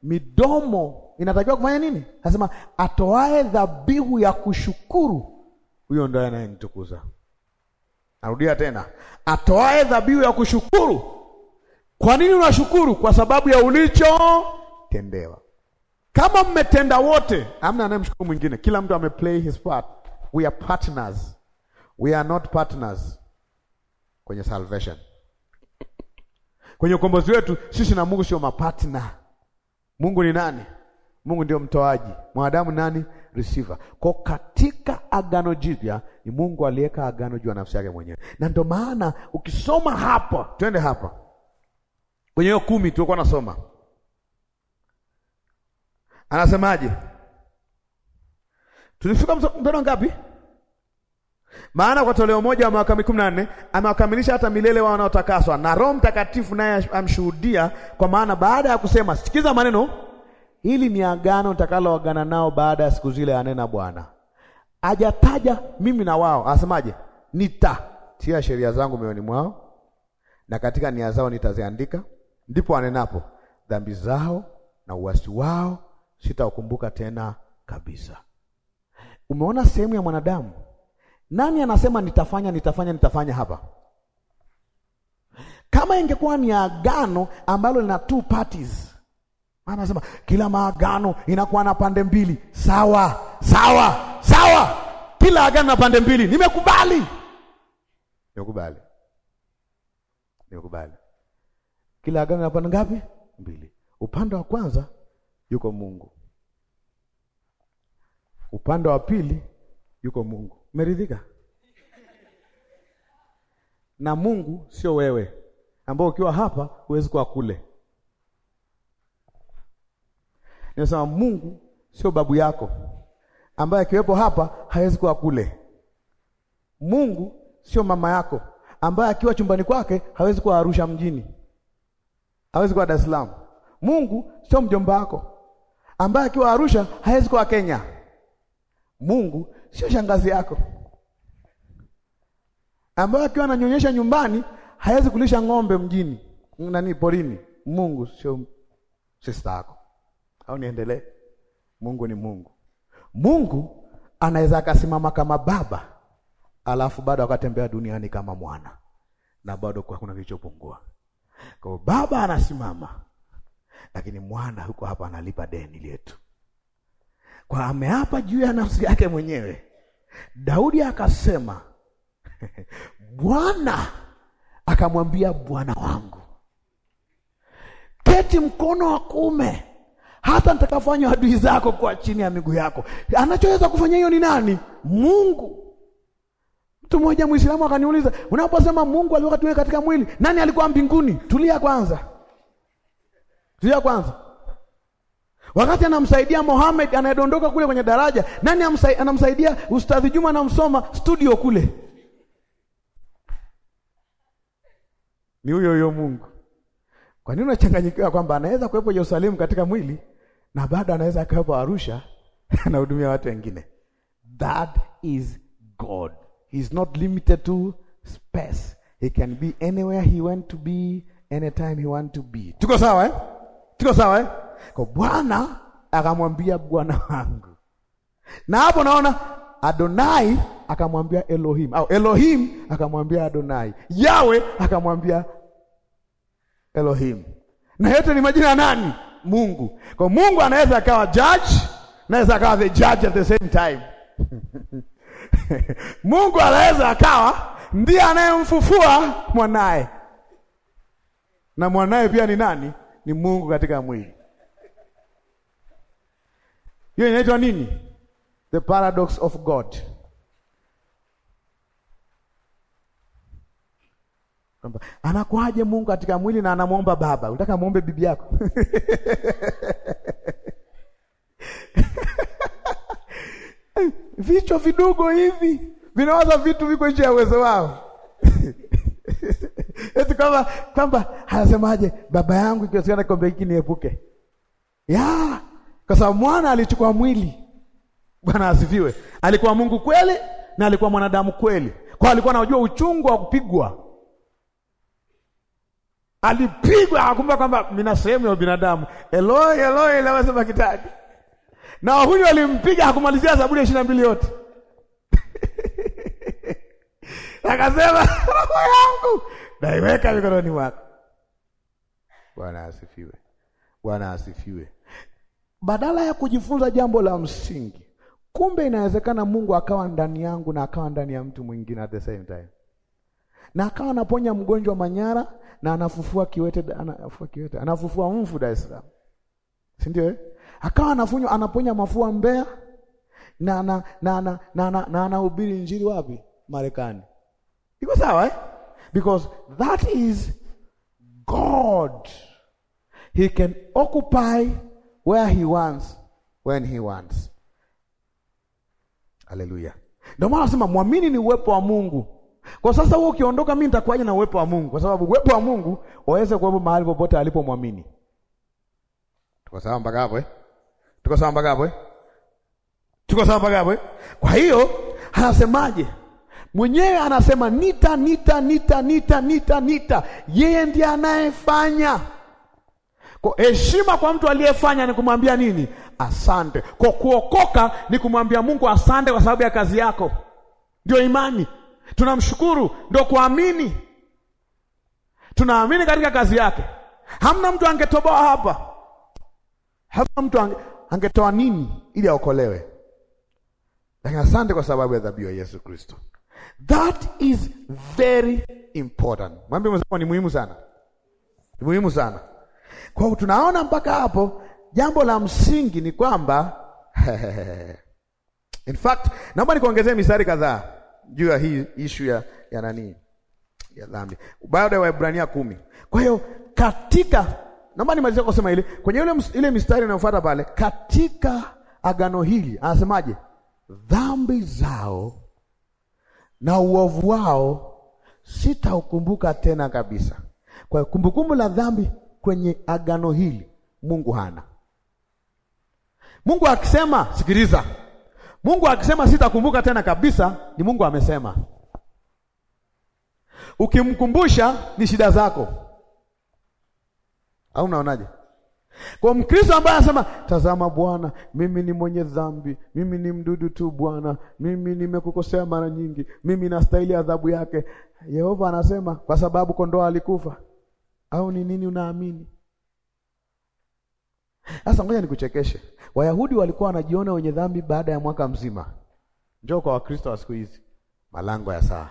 midomo inatakiwa kufanya nini? Anasema atoae dhabihu ya kushukuru, huyo ndo anayenitukuza. Narudia tena, atoae dhabihu ya kushukuru kwa nini unashukuru? Kwa sababu ya ulichotendewa. Kama mmetenda wote, amna anayemshukuru mwingine. Kila mtu ameplay his part. We are partners. We are not partners kwenye salvation, kwenye ukombozi wetu. Sisi na Mungu sio mapartner. Mungu ni nani? Mungu ndio mtoaji, mwanadamu nani? Receiver. Kwa katika agano jipya ni Mungu aliweka agano juu ya nafsi yake mwenyewe, na ndio maana ukisoma hapa, twende hapa kwenye hiyo kumi tulikuwa nasoma, anasemaje? Tulifika mtano ngapi? Maana kwa toleo moja wa mwaka kumi na nne amewakamilisha hata milele wao wanaotakaswa na Roho Mtakatifu, naye amshuhudia. Kwa maana baada ya kusema, sikiza maneno, hili ni agano nitakaloagana nao baada ya siku zile, anena Bwana. Ajataja mimi na wao, asemaje? Nitatia sheria zangu mioyoni mwao na katika nia zao nitaziandika ndipo anenapo dhambi zao na uasi wao sitaukumbuka tena kabisa. Umeona sehemu ya mwanadamu, nani anasema nitafanya nitafanya nitafanya? Hapa kama ingekuwa ni agano ambalo lina two parties, maana anasema kila maagano inakuwa na pande mbili. Sawa sawa sawa, kila agano na pande mbili. Nimekubali, nimekubali, nimekubali kila agano la pande ngapi? Mbili. Upande wa kwanza yuko Mungu, upande wa pili yuko Mungu. Umeridhika na Mungu, sio wewe ambao ukiwa hapa huwezi kuwa kule. Nasema Mungu sio babu yako ambaye akiwepo hapa hawezi kuwa kule. Mungu sio mama yako ambaye akiwa chumbani kwake hawezi kuwa Arusha mjini hawezi kuwa Dar es Salaam. Mungu sio mjomba wako ambaye akiwa Arusha hawezi kuwa Kenya. Mungu sio shangazi yako ambaye akiwa ananyonyesha nyumbani hawezi kulisha ng'ombe mjini nani porini. Mungu sio sista yako. Au niendelee? Mungu ni Mungu. Mungu anaweza akasimama kama baba alafu bado akatembea duniani kama mwana na bado kuna kilichopungua. Kwa baba anasimama, lakini mwana huko hapa analipa deni letu, kwa ameapa juu ya nafsi yake mwenyewe. Daudi akasema Bwana akamwambia Bwana wangu, keti mkono wa kuume hata nitakafanya adui zako kwa chini ya miguu yako. Anachoweza kufanya hiyo ni nani? Mungu. Mtu mmoja Muislamu akaniuliza, unaposema Mungu aliweka tuwe katika mwili, nani alikuwa mbinguni? Tulia kwanza, tulia kwanza. Wakati anamsaidia Mohamed anayedondoka kule kwenye daraja, nani anamsaidia? Ustadhi Juma anamsoma studio kule, ni huyo huyo Mungu. Kwa nini unachanganyikiwa kwamba anaweza kuwepo Yerusalemu katika mwili na bado anaweza akawepo Arusha anahudumia watu wengine? That is God. He's not limited to space. He can be anywhere he want to be, anytime he want to be. Tuko sawa eh? Tuko sawa eh? Kwa Bwana akamwambia Bwana wangu. Na hapo naona Adonai akamwambia Elohim au Elohim akamwambia Adonai, Yawe akamwambia Elohim, na yote ni majina ya nani? Mungu. Kwa Mungu anaweza akawa judge, anaweza akawa the judge at the same time Mungu anaweza akawa ndiye anayemfufua mwanaye, na mwanaye pia ni nani? Ni Mungu katika mwili. Hiyo inaitwa nini? The paradox of God, kwamba anakuaje Mungu katika mwili na anamwomba baba. Unataka muombe bibi yako? vichwa vidogo hivi vinawaza vitu viko nje ya uwezo wao. Eti kwamba kwamba anasemaje, baba yangu, ikiwezekana kikombe hiki niepuke. Ya, kwa sababu mwana alichukua mwili. Bwana asifiwe. Alikuwa Mungu kweli na alikuwa mwanadamu kweli. Kwa alikuwa anajua uchungu wa kupigwa. Alipigwa akumbuka kwamba mina sehemu ya binadamu. Eloi, Eloi, lawasema kitabu na wahuni walimpiga, hakumalizia Zaburi ya ishirini na mbili yote akasema roho yangu naiweka mikononi mwako. Bwana asifiwe, Bwana asifiwe. Badala ya kujifunza jambo la msingi, kumbe inawezekana Mungu akawa ndani yangu na akawa ndani ya mtu mwingine at the same time, na akawa anaponya mgonjwa Manyara na anafufua kiwete, anafufua kiwete, anafufua mfu Dar es Salaam, si ndio eh? akawa anafunywa anaponya mafua Mbeya na na na na na, na, na anahubiri injili wapi? Marekani. Iko sawa eh? Because that is God. He can occupy where he wants when he wants. Haleluya. Ndio maana nasema mwamini ni uwepo wa Mungu. Kwa sasa wewe ukiondoka, mimi nitakuwaje na uwepo wa Mungu? Kwa sababu uwepo wa Mungu waweze kuwepo mahali popote alipomwamini. Tuko sawa mpaka hapo eh? Tuko sawa mpaka hapo eh? Tuko sawa mpaka hapo eh? Kwa hiyo anasemaje? Mwenyewe anasema nita nita nita nita nita nita, yeye ndiye anayefanya. Kwa heshima kwa mtu aliyefanya ni kumwambia nini? Asante. Kwa kuokoka ni kumwambia Mungu asante kwa sababu ya kazi yako. Ndio imani. Tunamshukuru ndio kuamini. Tunaamini katika kazi yake. Hamna mtu angetoboa hapa. Hamna mtu ange angetoa nini ili aokolewe? Lakini asante kwa sababu ya dhabihu ya Yesu Kristo. That is very important. Mwambie mwenzako ni muhimu sana, ni muhimu sana. Kwa hiyo tunaona mpaka hapo, jambo la msingi ni kwamba in fact, naomba nikuongezee mistari kadhaa juu ya hii ishu ya, ya nani ya dhambi, baada ya Waebrania kumi. Kwa hiyo katika Naomba nimalizie kusema ile kwenye ile ile mistari inayofuata pale katika agano hili anasemaje? Dhambi zao na uovu wao sitaukumbuka tena kabisa. Kwa hiyo kumbukumbu la dhambi kwenye agano hili Mungu hana. Mungu akisema, sikiliza, Mungu akisema sitakumbuka tena kabisa, ni Mungu amesema. Ukimkumbusha ni shida zako au unaonaje? Kwa Mkristo ambaye anasema tazama, Bwana, mimi ni mwenye dhambi, mimi ni mdudu tu Bwana, mimi nimekukosea mara nyingi, mimi nastahili adhabu yake. Yehova anasema kwa sababu kondoo alikufa, au ni nini unaamini? Sasa ngoja nikuchekeshe. Wayahudi walikuwa wanajiona wenye dhambi baada ya mwaka mzima. Njoo kwa Wakristo wa siku hizi, malango ya saa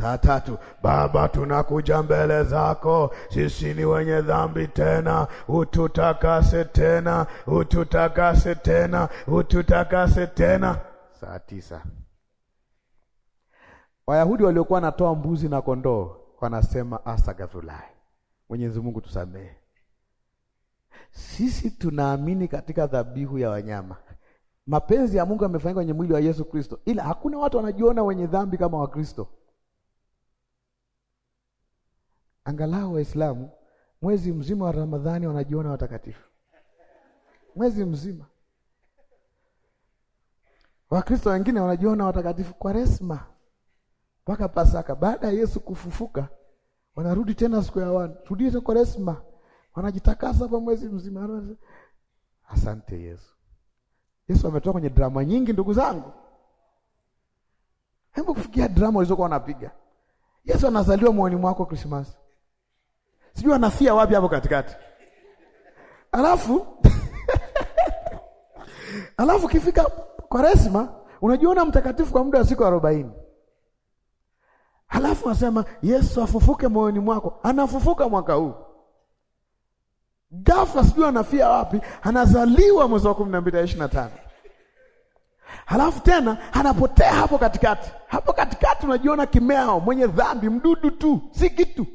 Saa tatu, Baba, tunakuja mbele zako, sisi ni wenye dhambi tena, ututakase tena, ututakase tena, ututakase tena. Saa tisa, Wayahudi waliokuwa wanatoa mbuzi na kondoo wanasema asagathulai, Mwenyezi Mungu tusamehe. Sisi tunaamini katika dhabihu ya wanyama. Mapenzi ya Mungu yamefanyika kwenye mwili wa Yesu Kristo, ila hakuna watu wanajiona wenye dhambi kama Wakristo. Angalau Waislamu mwezi mzima wa Ramadhani wanajiona watakatifu, mwezi mzima. Wakristo wengine wanajiona watakatifu kwa resma mpaka Pasaka. Baada ya Yesu kufufuka, wanarudi tena siku ya wana rudie resma, wanajitakasa hapa mwezi mzima. Asante Yesu. Yesu ametoka kwenye drama nyingi, ndugu zangu. Hebu kufikia drama ulizokuwa unapiga. Yesu anazaliwa mwoni mwako Krismasi sijui anafia wapi hapo katikati, alafu alafu kifika Kwaresma unajiona mtakatifu kwa muda wa siku arobaini, alafu asema Yesu afufuke moyoni mwako. Anafufuka mwaka huu ghafla, sijui anafia wapi, anazaliwa mwezi wa kumi na mbili ishirini na tano halafu tena anapotea hapo katikati, hapo katikati unajiona kimeao, mwenye dhambi, mdudu tu, si kitu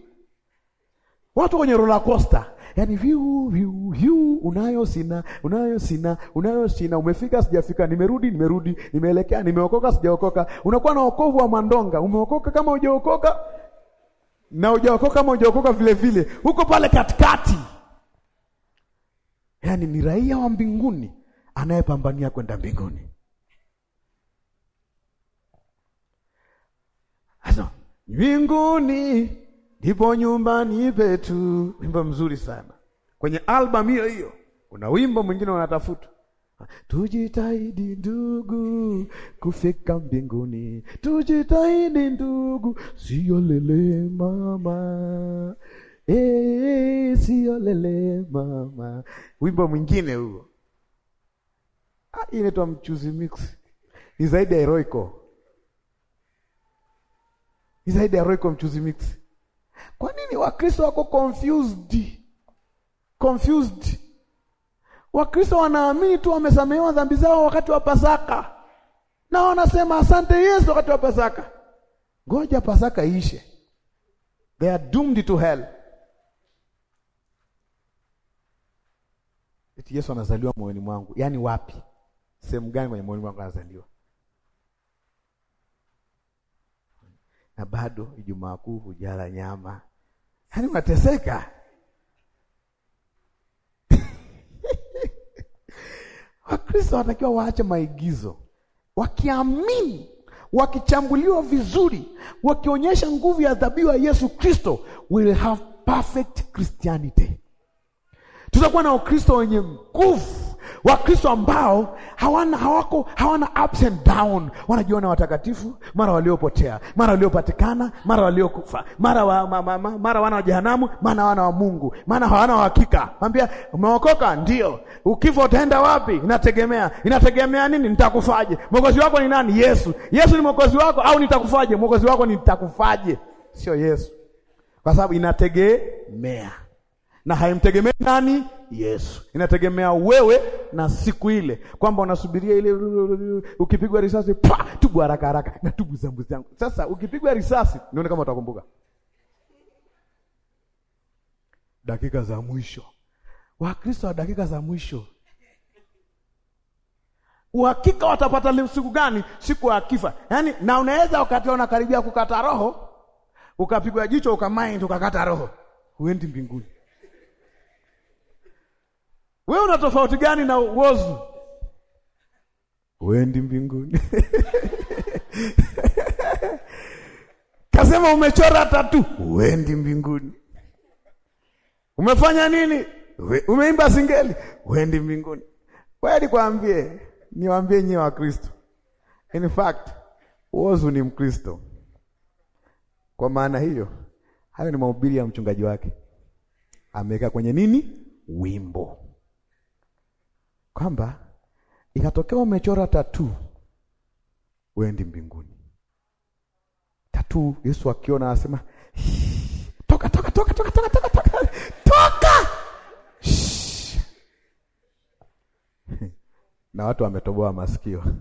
watu kwenye roller coaster, yaani viu viu viu, unayo sina, unayo sina, unayo sina, umefika sijafika, nimerudi nimerudi, nimeelekea, nimeokoka sijaokoka. Unakuwa na wokovu wa mandonga, umeokoka kama hujaokoka na hujaokoka kama hujaokoka vile vile, huko pale katikati. Yaani ni raia wa mbinguni anayepambania kwenda mbinguni. Asa, mbinguni ndipo nyumbani petu. Wimbo mzuri sana kwenye album hiyo hiyo, kuna wimbo mwingine unatafuta Tujitahidi ndugu kufika mbinguni, tujitahidi ndugu, sio lele mama e, sio lele mama. Wimbo mwingine huo ah, inaitwa mchuzi mix, ni zaidi ya heroiko, ni zaidi ya heroiko, mchuzi mix kwa nini Wakristo wako confused? Confused. Wakristo wanaamini tu wamesamehewa dhambi zao wakati wa Pasaka na wanasema asante Yesu wakati wa Pasaka. Ngoja Pasaka ishe, they are doomed to hell. Eti Yesu anazaliwa moyoni mwangu, yaani wapi? Sehemu gani kwenye moyoni mwangu anazaliwa? Na bado Ijumaa Kuu hujala nyama yaani unateseka Wakristo wanatakiwa waache maigizo, wakiamini, wakichambuliwa vizuri, wakionyesha nguvu ya dhabihu ya Yesu Kristo, will have perfect Christianity. Tutakuwa na Wakristo wenye nguvu, Wakristo ambao hawana hawako hawana ups and down, wanajiona watakatifu, mara waliopotea, mara waliopatikana, mara waliokufa, mara wa, ma, ma, ma, mara wana wa jehanamu, mara wana wa Mungu, maana hawana uhakika. Mwambia umeokoka, ndio. Ukifa utaenda wapi? Inategemea, inategemea nini? Nitakufaje? mwokozi wako ni nani? Yesu. Yesu ni mwokozi wako au nitakufaje? Mwokozi wako nitakufaje, sio Yesu, kwa sababu inategemea na haimtegemei nani? Yesu. Inategemea wewe na siku ile, kwamba unasubiria ile ukipigwa risasi pa tubu haraka haraka na tubu zambu zangu. Sasa ukipigwa risasi, nione kama utakumbuka dakika za mwisho. Wakristo wa dakika za mwisho uhakika watapata leo siku gani? Siku ya kifa. Yaani, na unaweza ukatia karibia kukata roho, ukapigwa jicho, ukamind, ukakata roho, huendi mbinguni we una tofauti gani na uozu? Uendi mbinguni. Kasema umechora tatu, uendi mbinguni. Umefanya nini? Umeimba singeli, uendi mbinguni. Kweli kwambie, niwaambie nyie wa Kristo. In fact, uozu ni Mkristo. Kwa maana hiyo, hayo ni mahubiri ya mchungaji wake. Ameweka kwenye nini? Wimbo kwamba ikatokea umechora tatu, wendi mbinguni. Tatu Yesu akiona anasema toka, toka, toka, toka, toka, toka, toka, toka! na watu wametoboa masikio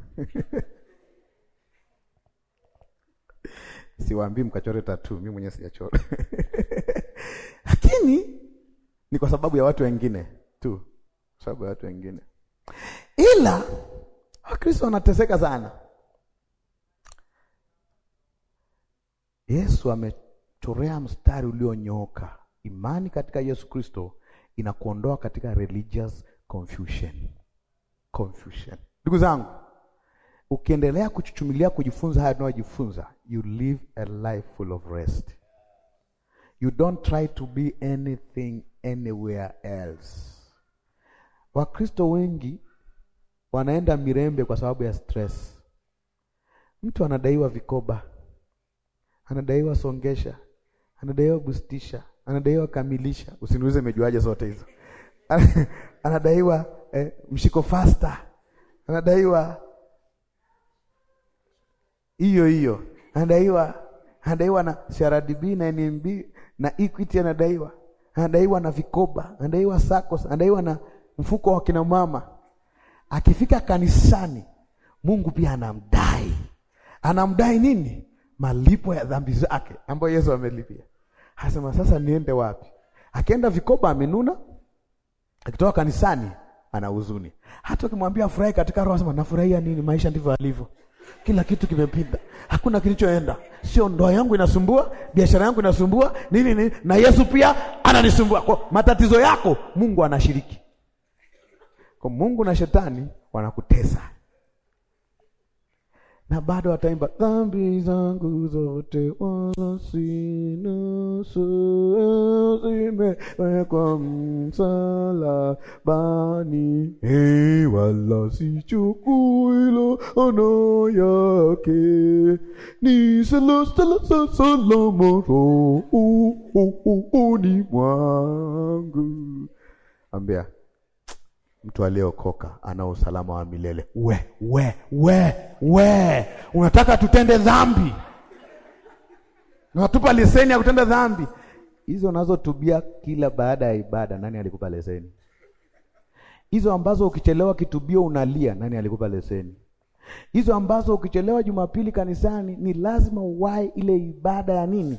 Siwaambii mkachore tatu, mimi mwenyewe sijachora lakini ni kwa sababu ya watu wengine tu, kwa sababu ya watu wengine ila Wakristo ah, wanateseka sana. Yesu amechorea mstari ulionyooka. Imani katika Yesu Kristo inakuondoa katika religious confusion. Confusion. Ndugu zangu, ukiendelea kuchuchumilia kujifunza haya tunayojifunza, you live a life full of rest. You don't try to be anything anywhere else. Wakristo wengi wanaenda Mirembe kwa sababu ya stress. Mtu anadaiwa vikoba, anadaiwa songesha, anadaiwa bustisha, anadaiwa kamilisha. Usiniulize imejuaje zote hizo anadaiwa eh, mshiko fasta, anadaiwa hiyo hiyo, anadaiwa anadaiwa na CRDB na NMB na Equity, anadaiwa anadaiwa na vikoba, anadaiwa SACCOS, anadaiwa na mfuko wa kina mama, akifika kanisani, Mungu pia anamdai. Anamdai nini? Malipo ya dhambi zake ambayo Yesu amelipia. Hasema sasa niende wapi? Akienda vikoba amenuna, akitoka kanisani ana huzuni. Hata ukimwambia afurahi katika roho, anasema nafurahia nini? Maisha ndivyo alivyo, kila kitu kimepinda, hakuna kilichoenda. Sio ndoa yangu inasumbua, biashara yangu inasumbua, nini nini, na Yesu pia ananisumbua. Kwa matatizo yako Mungu anashiriki. Kwa Mungu na shetani wanakutesa na bado ataimba dhambi zangu zote wala sina zimewekwa msalabani, hey, wala sichukui ono yake ni salasalamo ni mwangu ambia Mtu aliyeokoka ana usalama wa milele. We, we, we, we, unataka tutende dhambi? Unatupa leseni ya kutenda dhambi hizo unazotubia kila baada ya ibada? Nani alikupa leseni hizo? Ambazo ukichelewa kitubio unalia? Nani alikupa leseni hizo? Ambazo ukichelewa Jumapili kanisani ni lazima uwae ile ibada ya nini,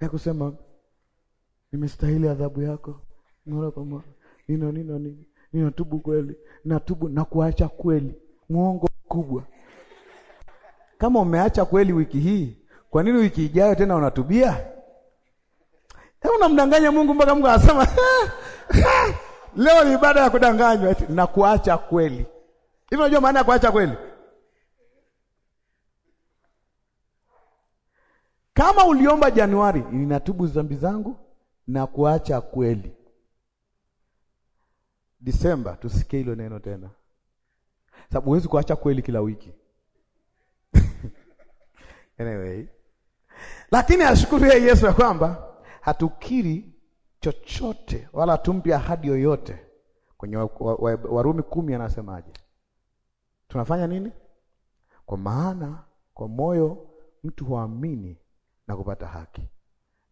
ya kusema nimestahili adhabu yako mara kwa mara nino nino nino ninatubu kweli, natubu na kuacha kweli. Mwongo mkubwa! Kama umeacha kweli wiki hii, kwa nini wiki ijayo tena unatubia? Hebu unamdanganya Mungu mpaka Mungu anasema ah, ah, leo ni ibada ya kudanganywa, eti na kuacha kweli. Hivi unajua maana ya kuacha kweli? Kama uliomba Januari, ninatubu dhambi zangu na kuacha kweli Disemba tusikie hilo neno tena, sababu huwezi kuacha kweli kila wiki anyway. Lakini ashukuru yeye Yesu ya kwamba hatukiri chochote wala hatumpi ahadi yoyote kwenye wa, wa, wa, Warumi kumi anasemaje? Tunafanya nini? Kwa maana kwa moyo mtu huamini na kupata haki,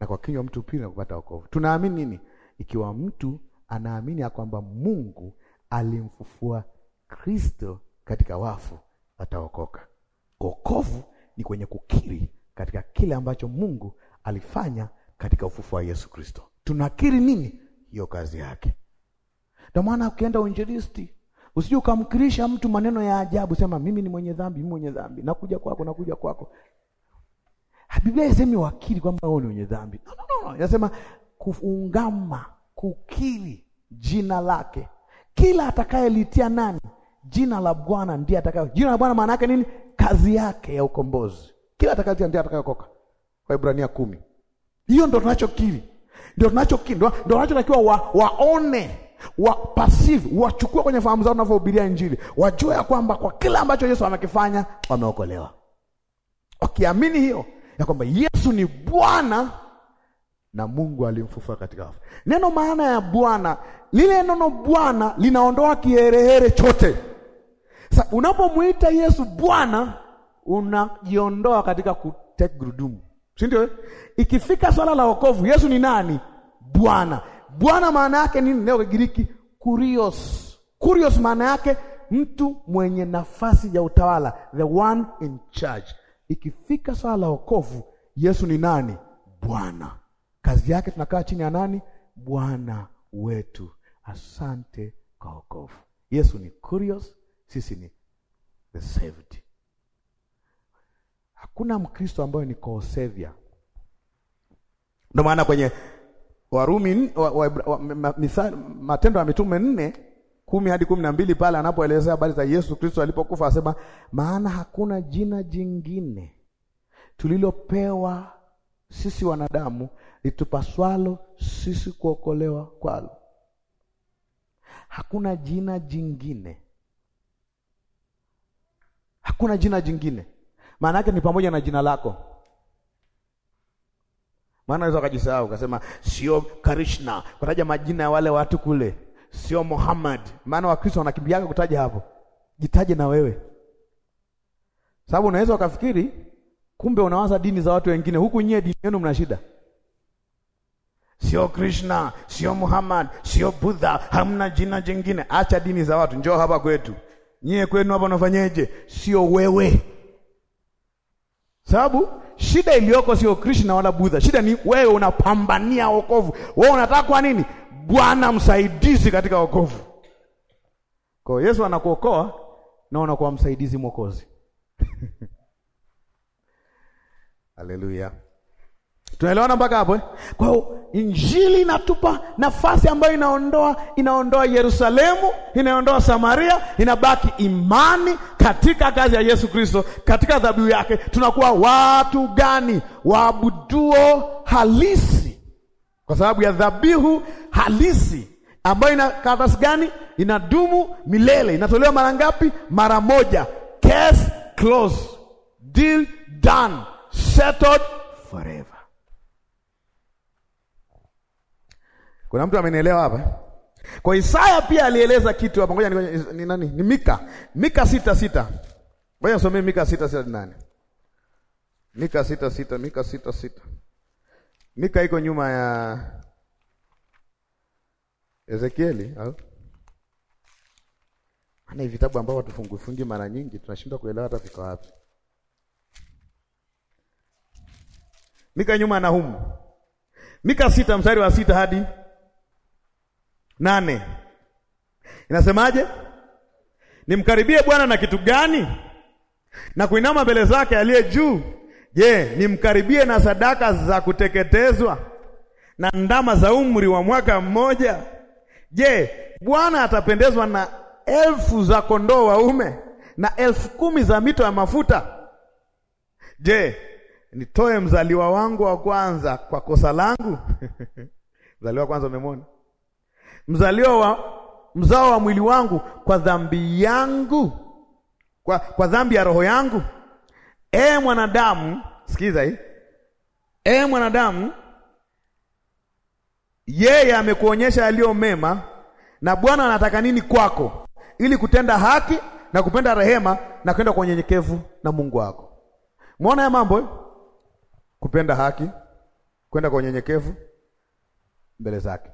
na kwa kinywa mtu pili na kupata wokovu. Tunaamini nini? Ikiwa mtu anaamini ya kwamba Mungu alimfufua Kristo katika wafu ataokoka. Wokovu ni kwenye kukiri katika kile ambacho Mungu alifanya katika ufufuo wa Yesu Kristo. Tunakiri nini? Hiyo kazi yake. Ndio maana ukienda uinjilisti usije ukamkirisha mtu maneno ya ajabu, sema mimi ni mwenye dhambi, mimi mwenye dhambi, nakuja kwako, nakuja kwako. Biblia haisemi wakiri kwamba wewe ni mwenye dhambi. No, no, no. Inasema kuungama kukiri jina lake. Kila atakayelitia nani jina la Bwana ndiye atakayo. Jina la Bwana maana yake nini? Kazi yake ya ukombozi. Kila atakayelitia ndiye atakayokoka, Waebrania kumi. Hiyo ndo tunachokiri, ndio tunachokiri, ndo tunachotakiwa wa, waone wa passive wachukue kwenye fahamu zao unavyohubiria Injili, wajue ya kwamba kwa kila ambacho Yesu amekifanya wameokolewa, wakiamini hiyo ya kwamba Yesu ni Bwana na Mungu alimfufua katika wafu. Neno maana ya Bwana, lile neno Bwana linaondoa kiherehere chote. Sa unapomwita Yesu Bwana, unajiondoa katika kuteka gurudumu, si ndio? Eh? Ikifika swala la wokovu, Yesu ni nani? Bwana. Bwana maana yake nini? Neno Kigiriki kurios. Kurios maana yake mtu mwenye nafasi ya utawala, the one in charge. Ikifika swala la wokovu, Yesu ni nani? Bwana kazi yake tunakaa chini ya nani? Bwana wetu. Asante kwa wokovu. Yesu ni curious, sisi ni the saved. Hakuna Mkristo ambaye ni koosevya. Ndio maana kwenye Warumi wa, wa, wa, Matendo ya Mitume nne kumi hadi kumi na mbili pale anapoelezea habari za Yesu Kristo alipokufa, asema maana hakuna jina jingine tulilopewa sisi wanadamu litupaswalo sisi kuokolewa kwalo. Hakuna jina jingine, hakuna jina jingine. Maana yake ni pamoja na jina lako. Maana unaweza ukajisahau ukasema, sio Krishna, kutaja majina ya wale watu kule, sio Muhammad. Maana Wakristo wanakimbiaga kutaja hapo. Jitaje na wewe, sababu unaweza ukafikiri kumbe unawaza dini za watu wengine, huku nyie dini yenu mna shida sio Krishna, sio Muhammad, sio Buddha, hamna jina jingine. Acha dini za watu, njoo hapa kwetu. Nyie kwenu hapa unafanyeje? Sio wewe, sababu shida iliyoko sio Krishna wala Buddha. Shida ni wewe unapambania wokovu. Wewe unataka kwa nini Bwana msaidizi katika wokovu? Kwa Yesu anakuokoa na unakuwa msaidizi mwokozi. Haleluya. Tunaelewana mpaka hapo eh? Kwa hiyo injili inatupa nafasi ambayo inaondoa inaondoa Yerusalemu, inaondoa Samaria, inabaki imani katika kazi ya Yesu Kristo, katika dhabihu yake. Tunakuwa watu gani? Waabuduo halisi, kwa sababu ya dhabihu halisi ambayo ina karatasi gani? Inadumu milele, inatolewa mara ngapi? Mara moja. Case closed, deal done, settled forever. Kuna mtu amenielewa hapa? Eh? Kwa Isaya pia alieleza kitu hapa. Ngoja ni nani? Ni Mika. Mika sita sita. Ngoja nisomee Mika sita sita ni nani? Mika sita sita, Mika sita sita. Mika iko nyuma ya Ezekieli au? Ana vitabu ambavyo watu fungi mara nyingi tunashindwa kuelewa hata viko wapi. Mika nyuma na humu. Mika sita mstari wa sita hadi nane inasemaje? Nimkaribie Bwana na kitu gani? Na kuinama mbele zake aliye juu. Je, nimkaribie na sadaka za kuteketezwa na ndama za umri wa mwaka mmoja? Je, Bwana atapendezwa na elfu za kondoo waume na elfu kumi za mito ya mafuta? Je, nitoe mzaliwa wangu wa kwanza kwa kosa langu? mzaliwa wa kwanza umemwona? mzaliwa wa mzao wa mwili wangu kwa dhambi yangu kwa, kwa dhambi ya roho yangu. E mwanadamu, sikiza hii. E mwanadamu, yeye amekuonyesha yaliyo mema, na Bwana anataka nini kwako, ili kutenda haki na kupenda rehema na kwenda kwa unyenyekevu na Mungu wako. Muona ya mambo, kupenda haki, kwenda kwa unyenyekevu mbele zake.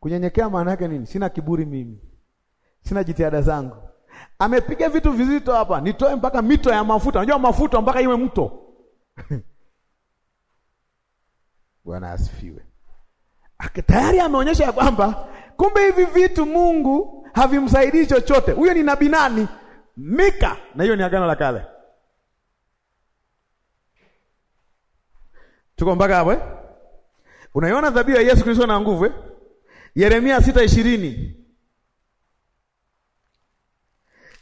Kunyenyekea maana yake nini? Sina kiburi mimi, sina jitihada zangu. Amepiga vitu vizito hapa, nitoe mpaka mito ya mafuta. Unajua mafuta mpaka iwe mto Bwana asifiwe. Tayari ameonyesha ya kwamba kumbe hivi vitu Mungu havimsaidii chochote. Huyo ni nabii nani? Mika, na hiyo ni agano la kale. Tuko mpaka hapo eh? Unaiona dhabihu ya Yesu Kristo na nguvu eh? Yeremia sita ishirini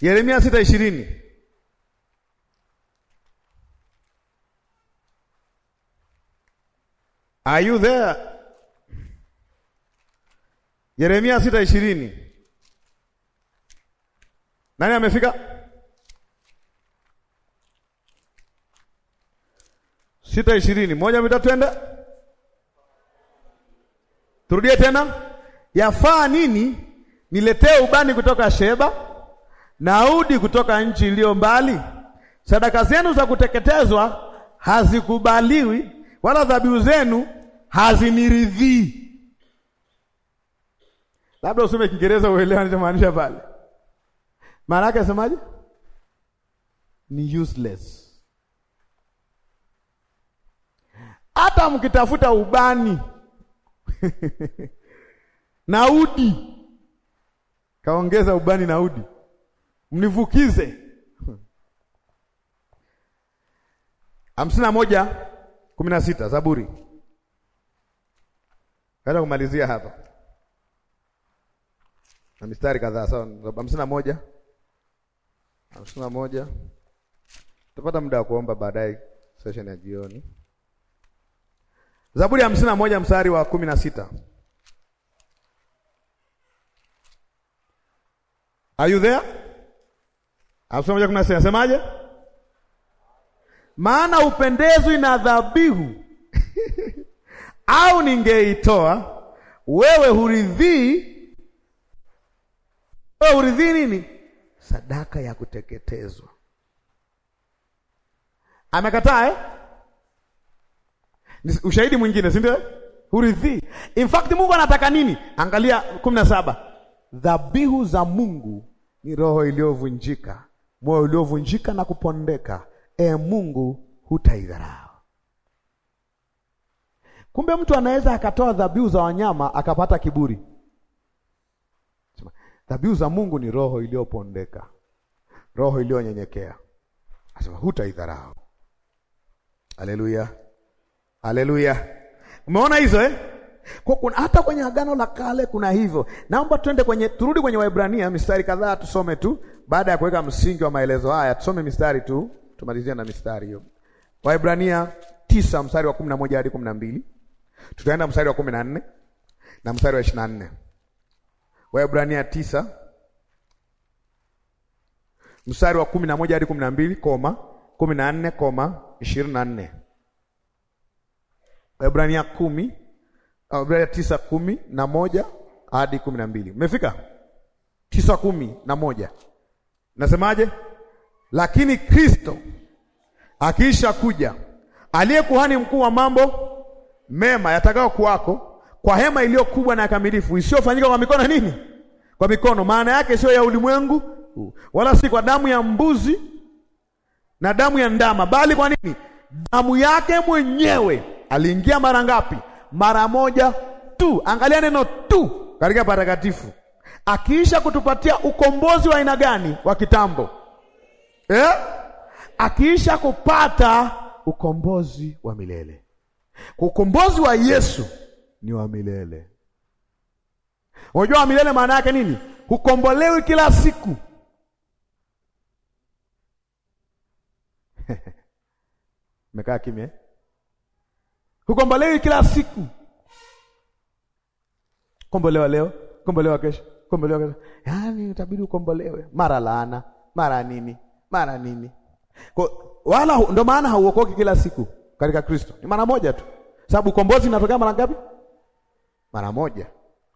Yeremia 6:20. ishirini Are you there? Yeremia sita Nani amefika? sita ishirini moja mitatu, turudie tena Yafaa nini niletee ubani kutoka Sheba na udi kutoka nchi iliyo mbali? Sadaka zenu za kuteketezwa hazikubaliwi, wala dhabihu zenu haziniridhii. Labda usome Kiingereza uelewe anachomaanisha pale. Maana yake asemaje? Ni useless. Hata mkitafuta ubani naudi, kaongeza ubani naudi, mnivukize. hamsini na moja kumi na sita Zaburi. Kaenda kumalizia hapa na mistari kadhaa. Sawa, hamsini na moja hamsini na moja tupata muda wa kuomba baadaye session ya jioni. Zaburi ya hamsini na moja mstari wa kumi na sita. Are you there? Asemaje? Maana upendezwi na dhabihu au ningeitoa, wewe huridhii, wewe huridhii nini? Sadaka ya kuteketezwa. Amekataa eh? Ushahidi mwingine, si ndio? Huridhii. In fact Mungu anataka nini? Angalia kumi na saba Dhabihu za Mungu ni roho iliyovunjika, moyo uliovunjika na kupondeka. E Mungu, hutaidharau. Kumbe mtu anaweza akatoa dhabihu za wanyama akapata kiburi. Dhabihu za Mungu ni roho iliyopondeka, roho iliyonyenyekea. Asema hutaidharau. Haleluya, haleluya! Umeona hizo eh? Kwa kuna hata kwenye Agano la Kale kuna hivyo. Naomba twende kwenye turudi kwenye Waebrania mistari kadhaa tusome tu baada ya kuweka msingi wa maelezo haya. Tusome mistari tu, tumalizie na mistari hiyo. Waebrania tisa mstari wa 11 hadi 12. Tutaenda mstari wa 14 na mstari wa 24. Waebrania tisa mstari wa 11 hadi 12 koma 14 koma 24. Waebrania kumi Ah, Waebrania tisa kumi na moja hadi kumi na mbili Umefika? tisa kumi na moja nasemaje? Lakini Kristo akiisha kuja, aliye kuhani mkuu wa mambo mema yatakao kuwako kwa hema iliyo kubwa na kamilifu isiyofanyika kwa mikono nini? Kwa mikono, maana yake sio ya ulimwengu, wala si kwa damu ya mbuzi na damu ya ndama, bali kwa nini? Damu yake mwenyewe. Aliingia mara ngapi? mara moja tu. Angalia neno tu katika patakatifu, akiisha kutupatia ukombozi wa aina gani wa kitambo eh? Akiisha kupata ukombozi wa milele. ukombozi wa Yesu ni wa milele. Unajua wa milele maana yake nini? Hukombolewi kila siku mekaa kimya Hukombolewi kila siku. Kombolewa leo, kombolewa kesho, kombolewa kesho. Yaani utabidi ukombolewe mara laana, mara nini, mara nini. Kwa wala ndo maana hauokoki kila siku katika Kristo. Ni mara moja tu. Sababu ukombozi unatokea mara ngapi? Mara moja.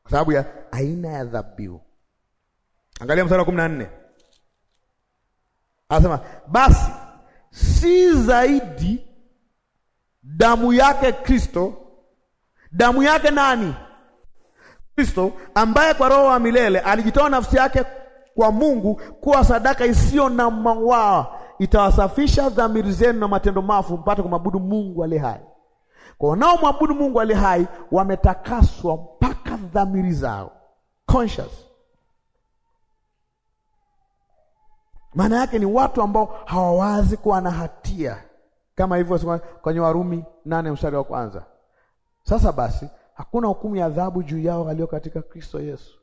Kwa sababu ya aina ya dhabihu. Angalia mstari wa 14. Anasema basi si zaidi damu yake Kristo, damu yake nani? Kristo, ambaye kwa roho wa milele alijitoa nafsi yake kwa Mungu kuwa sadaka isiyo na mawaa, itawasafisha dhamiri zenu na matendo mafu, mpate kumwabudu Mungu aliye hai. Kwa wanaomwabudu Mungu aliye hai wametakaswa mpaka dhamiri zao conscious maana yake ni watu ambao hawawazi kuwa na hatia kama hivyo kwenye Warumi nane mstari wa kwanza. Sasa basi hakuna hukumu ya adhabu juu yao walio katika Kristo Yesu.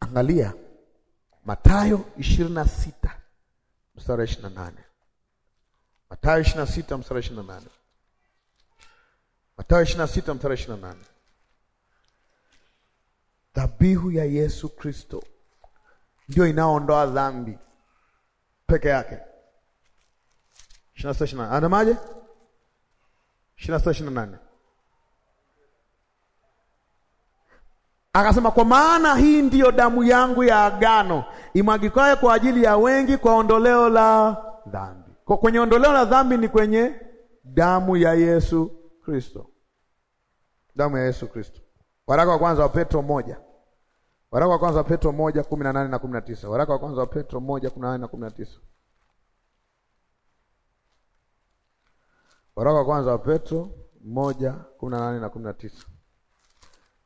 Angalia Mathayo ishirini na sita mstari wa ishirini na nane Mathayo ishirini na sita mstari wa ishirini na nane Mathayo ishirini na sita mstari wa ishirini na nane Dhabihu ya Yesu Kristo ndio inaondoa dhambi peke yake. 26 28 anasemaje? 26 28 Akasema, kwa maana hii ndiyo damu yangu ya agano imwagikwayo kwa ajili ya wengi kwa ondoleo la dhambi. Kwa kwenye ondoleo la dhambi ni kwenye damu ya Yesu Kristo, damu ya Yesu Kristo. Waraka wa kwanza wa Petro moja, waraka wa kwanza wa Petro moja kumi na nane na kumi na tisa, waraka wa kwanza wa Petro moja kumi na nane na kumi na tisa. Waraka wa kwanza wa Petro moja kumi na nane na kumi na tisa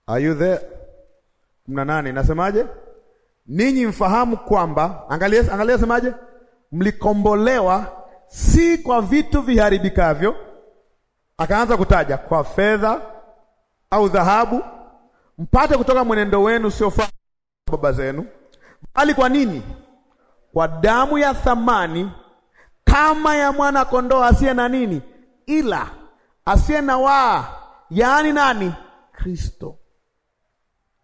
Are you there? kumi na nane nasemaje? Ninyi mfahamu kwamba, angalia, angalia semaje, mlikombolewa si kwa vitu viharibikavyo, akaanza kutaja kwa fedha au dhahabu, mpate kutoka mwenendo wenu usiofaa baba zenu, bali kwa nini? Kwa damu ya thamani kama ya mwana kondoo asiye na nini ila asiye na waa, yaani nani? Kristo.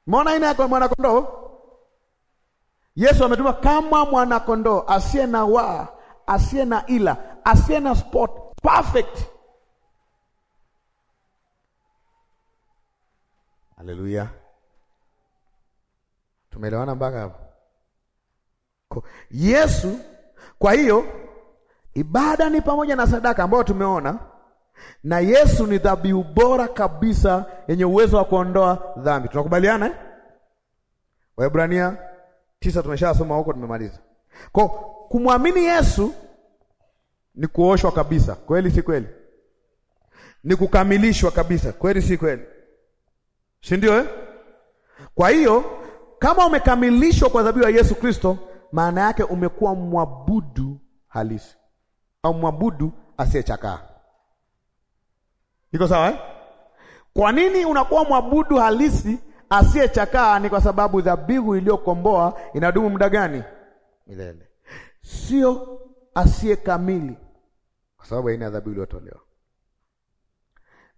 Mona aina ya kondoo. Yesu ametuma kama kondoo asiye na waa, asiye na ila, asiye na spot, perfect. Haleluya, tumeelewana mpaka hapo? Yesu. Kwa hiyo ibada ni pamoja na sadaka ambayo tumeona na Yesu ni dhabihu bora kabisa yenye uwezo wa kuondoa dhambi. Tunakubaliana eh? Waebrania tisa tumeshasoma huko, tumemaliza. Kwa kumwamini Yesu ni kuoshwa kabisa, kweli si kweli? Ni kukamilishwa kabisa, kweli si kweli? Si ndio eh? Kwa hiyo kama umekamilishwa kwa dhabihu ya Yesu Kristo, maana yake umekuwa mwabudu halisi au mwabudu asiyechakaa. Iko sawa eh? Kwa nini unakuwa mwabudu halisi asiyechakaa? Ni kwa sababu dhabihu iliyokomboa inadumu muda gani? Milele, sio asiye kamili, kwa sababu aina ya dhabihu iliyotolewa.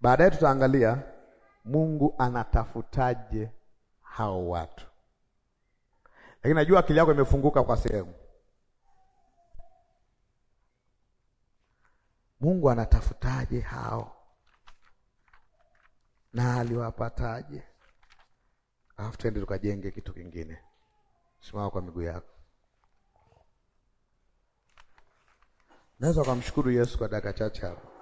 Baadaye tutaangalia Mungu anatafutaje hao watu, lakini najua akili yako imefunguka kwa sehemu. Mungu anatafutaje hao na aliwapataje? Alafu twende tukajenge kitu kingine. Simama kwa miguu yako. Naweza kumshukuru Yesu kwa dakika chache hapa.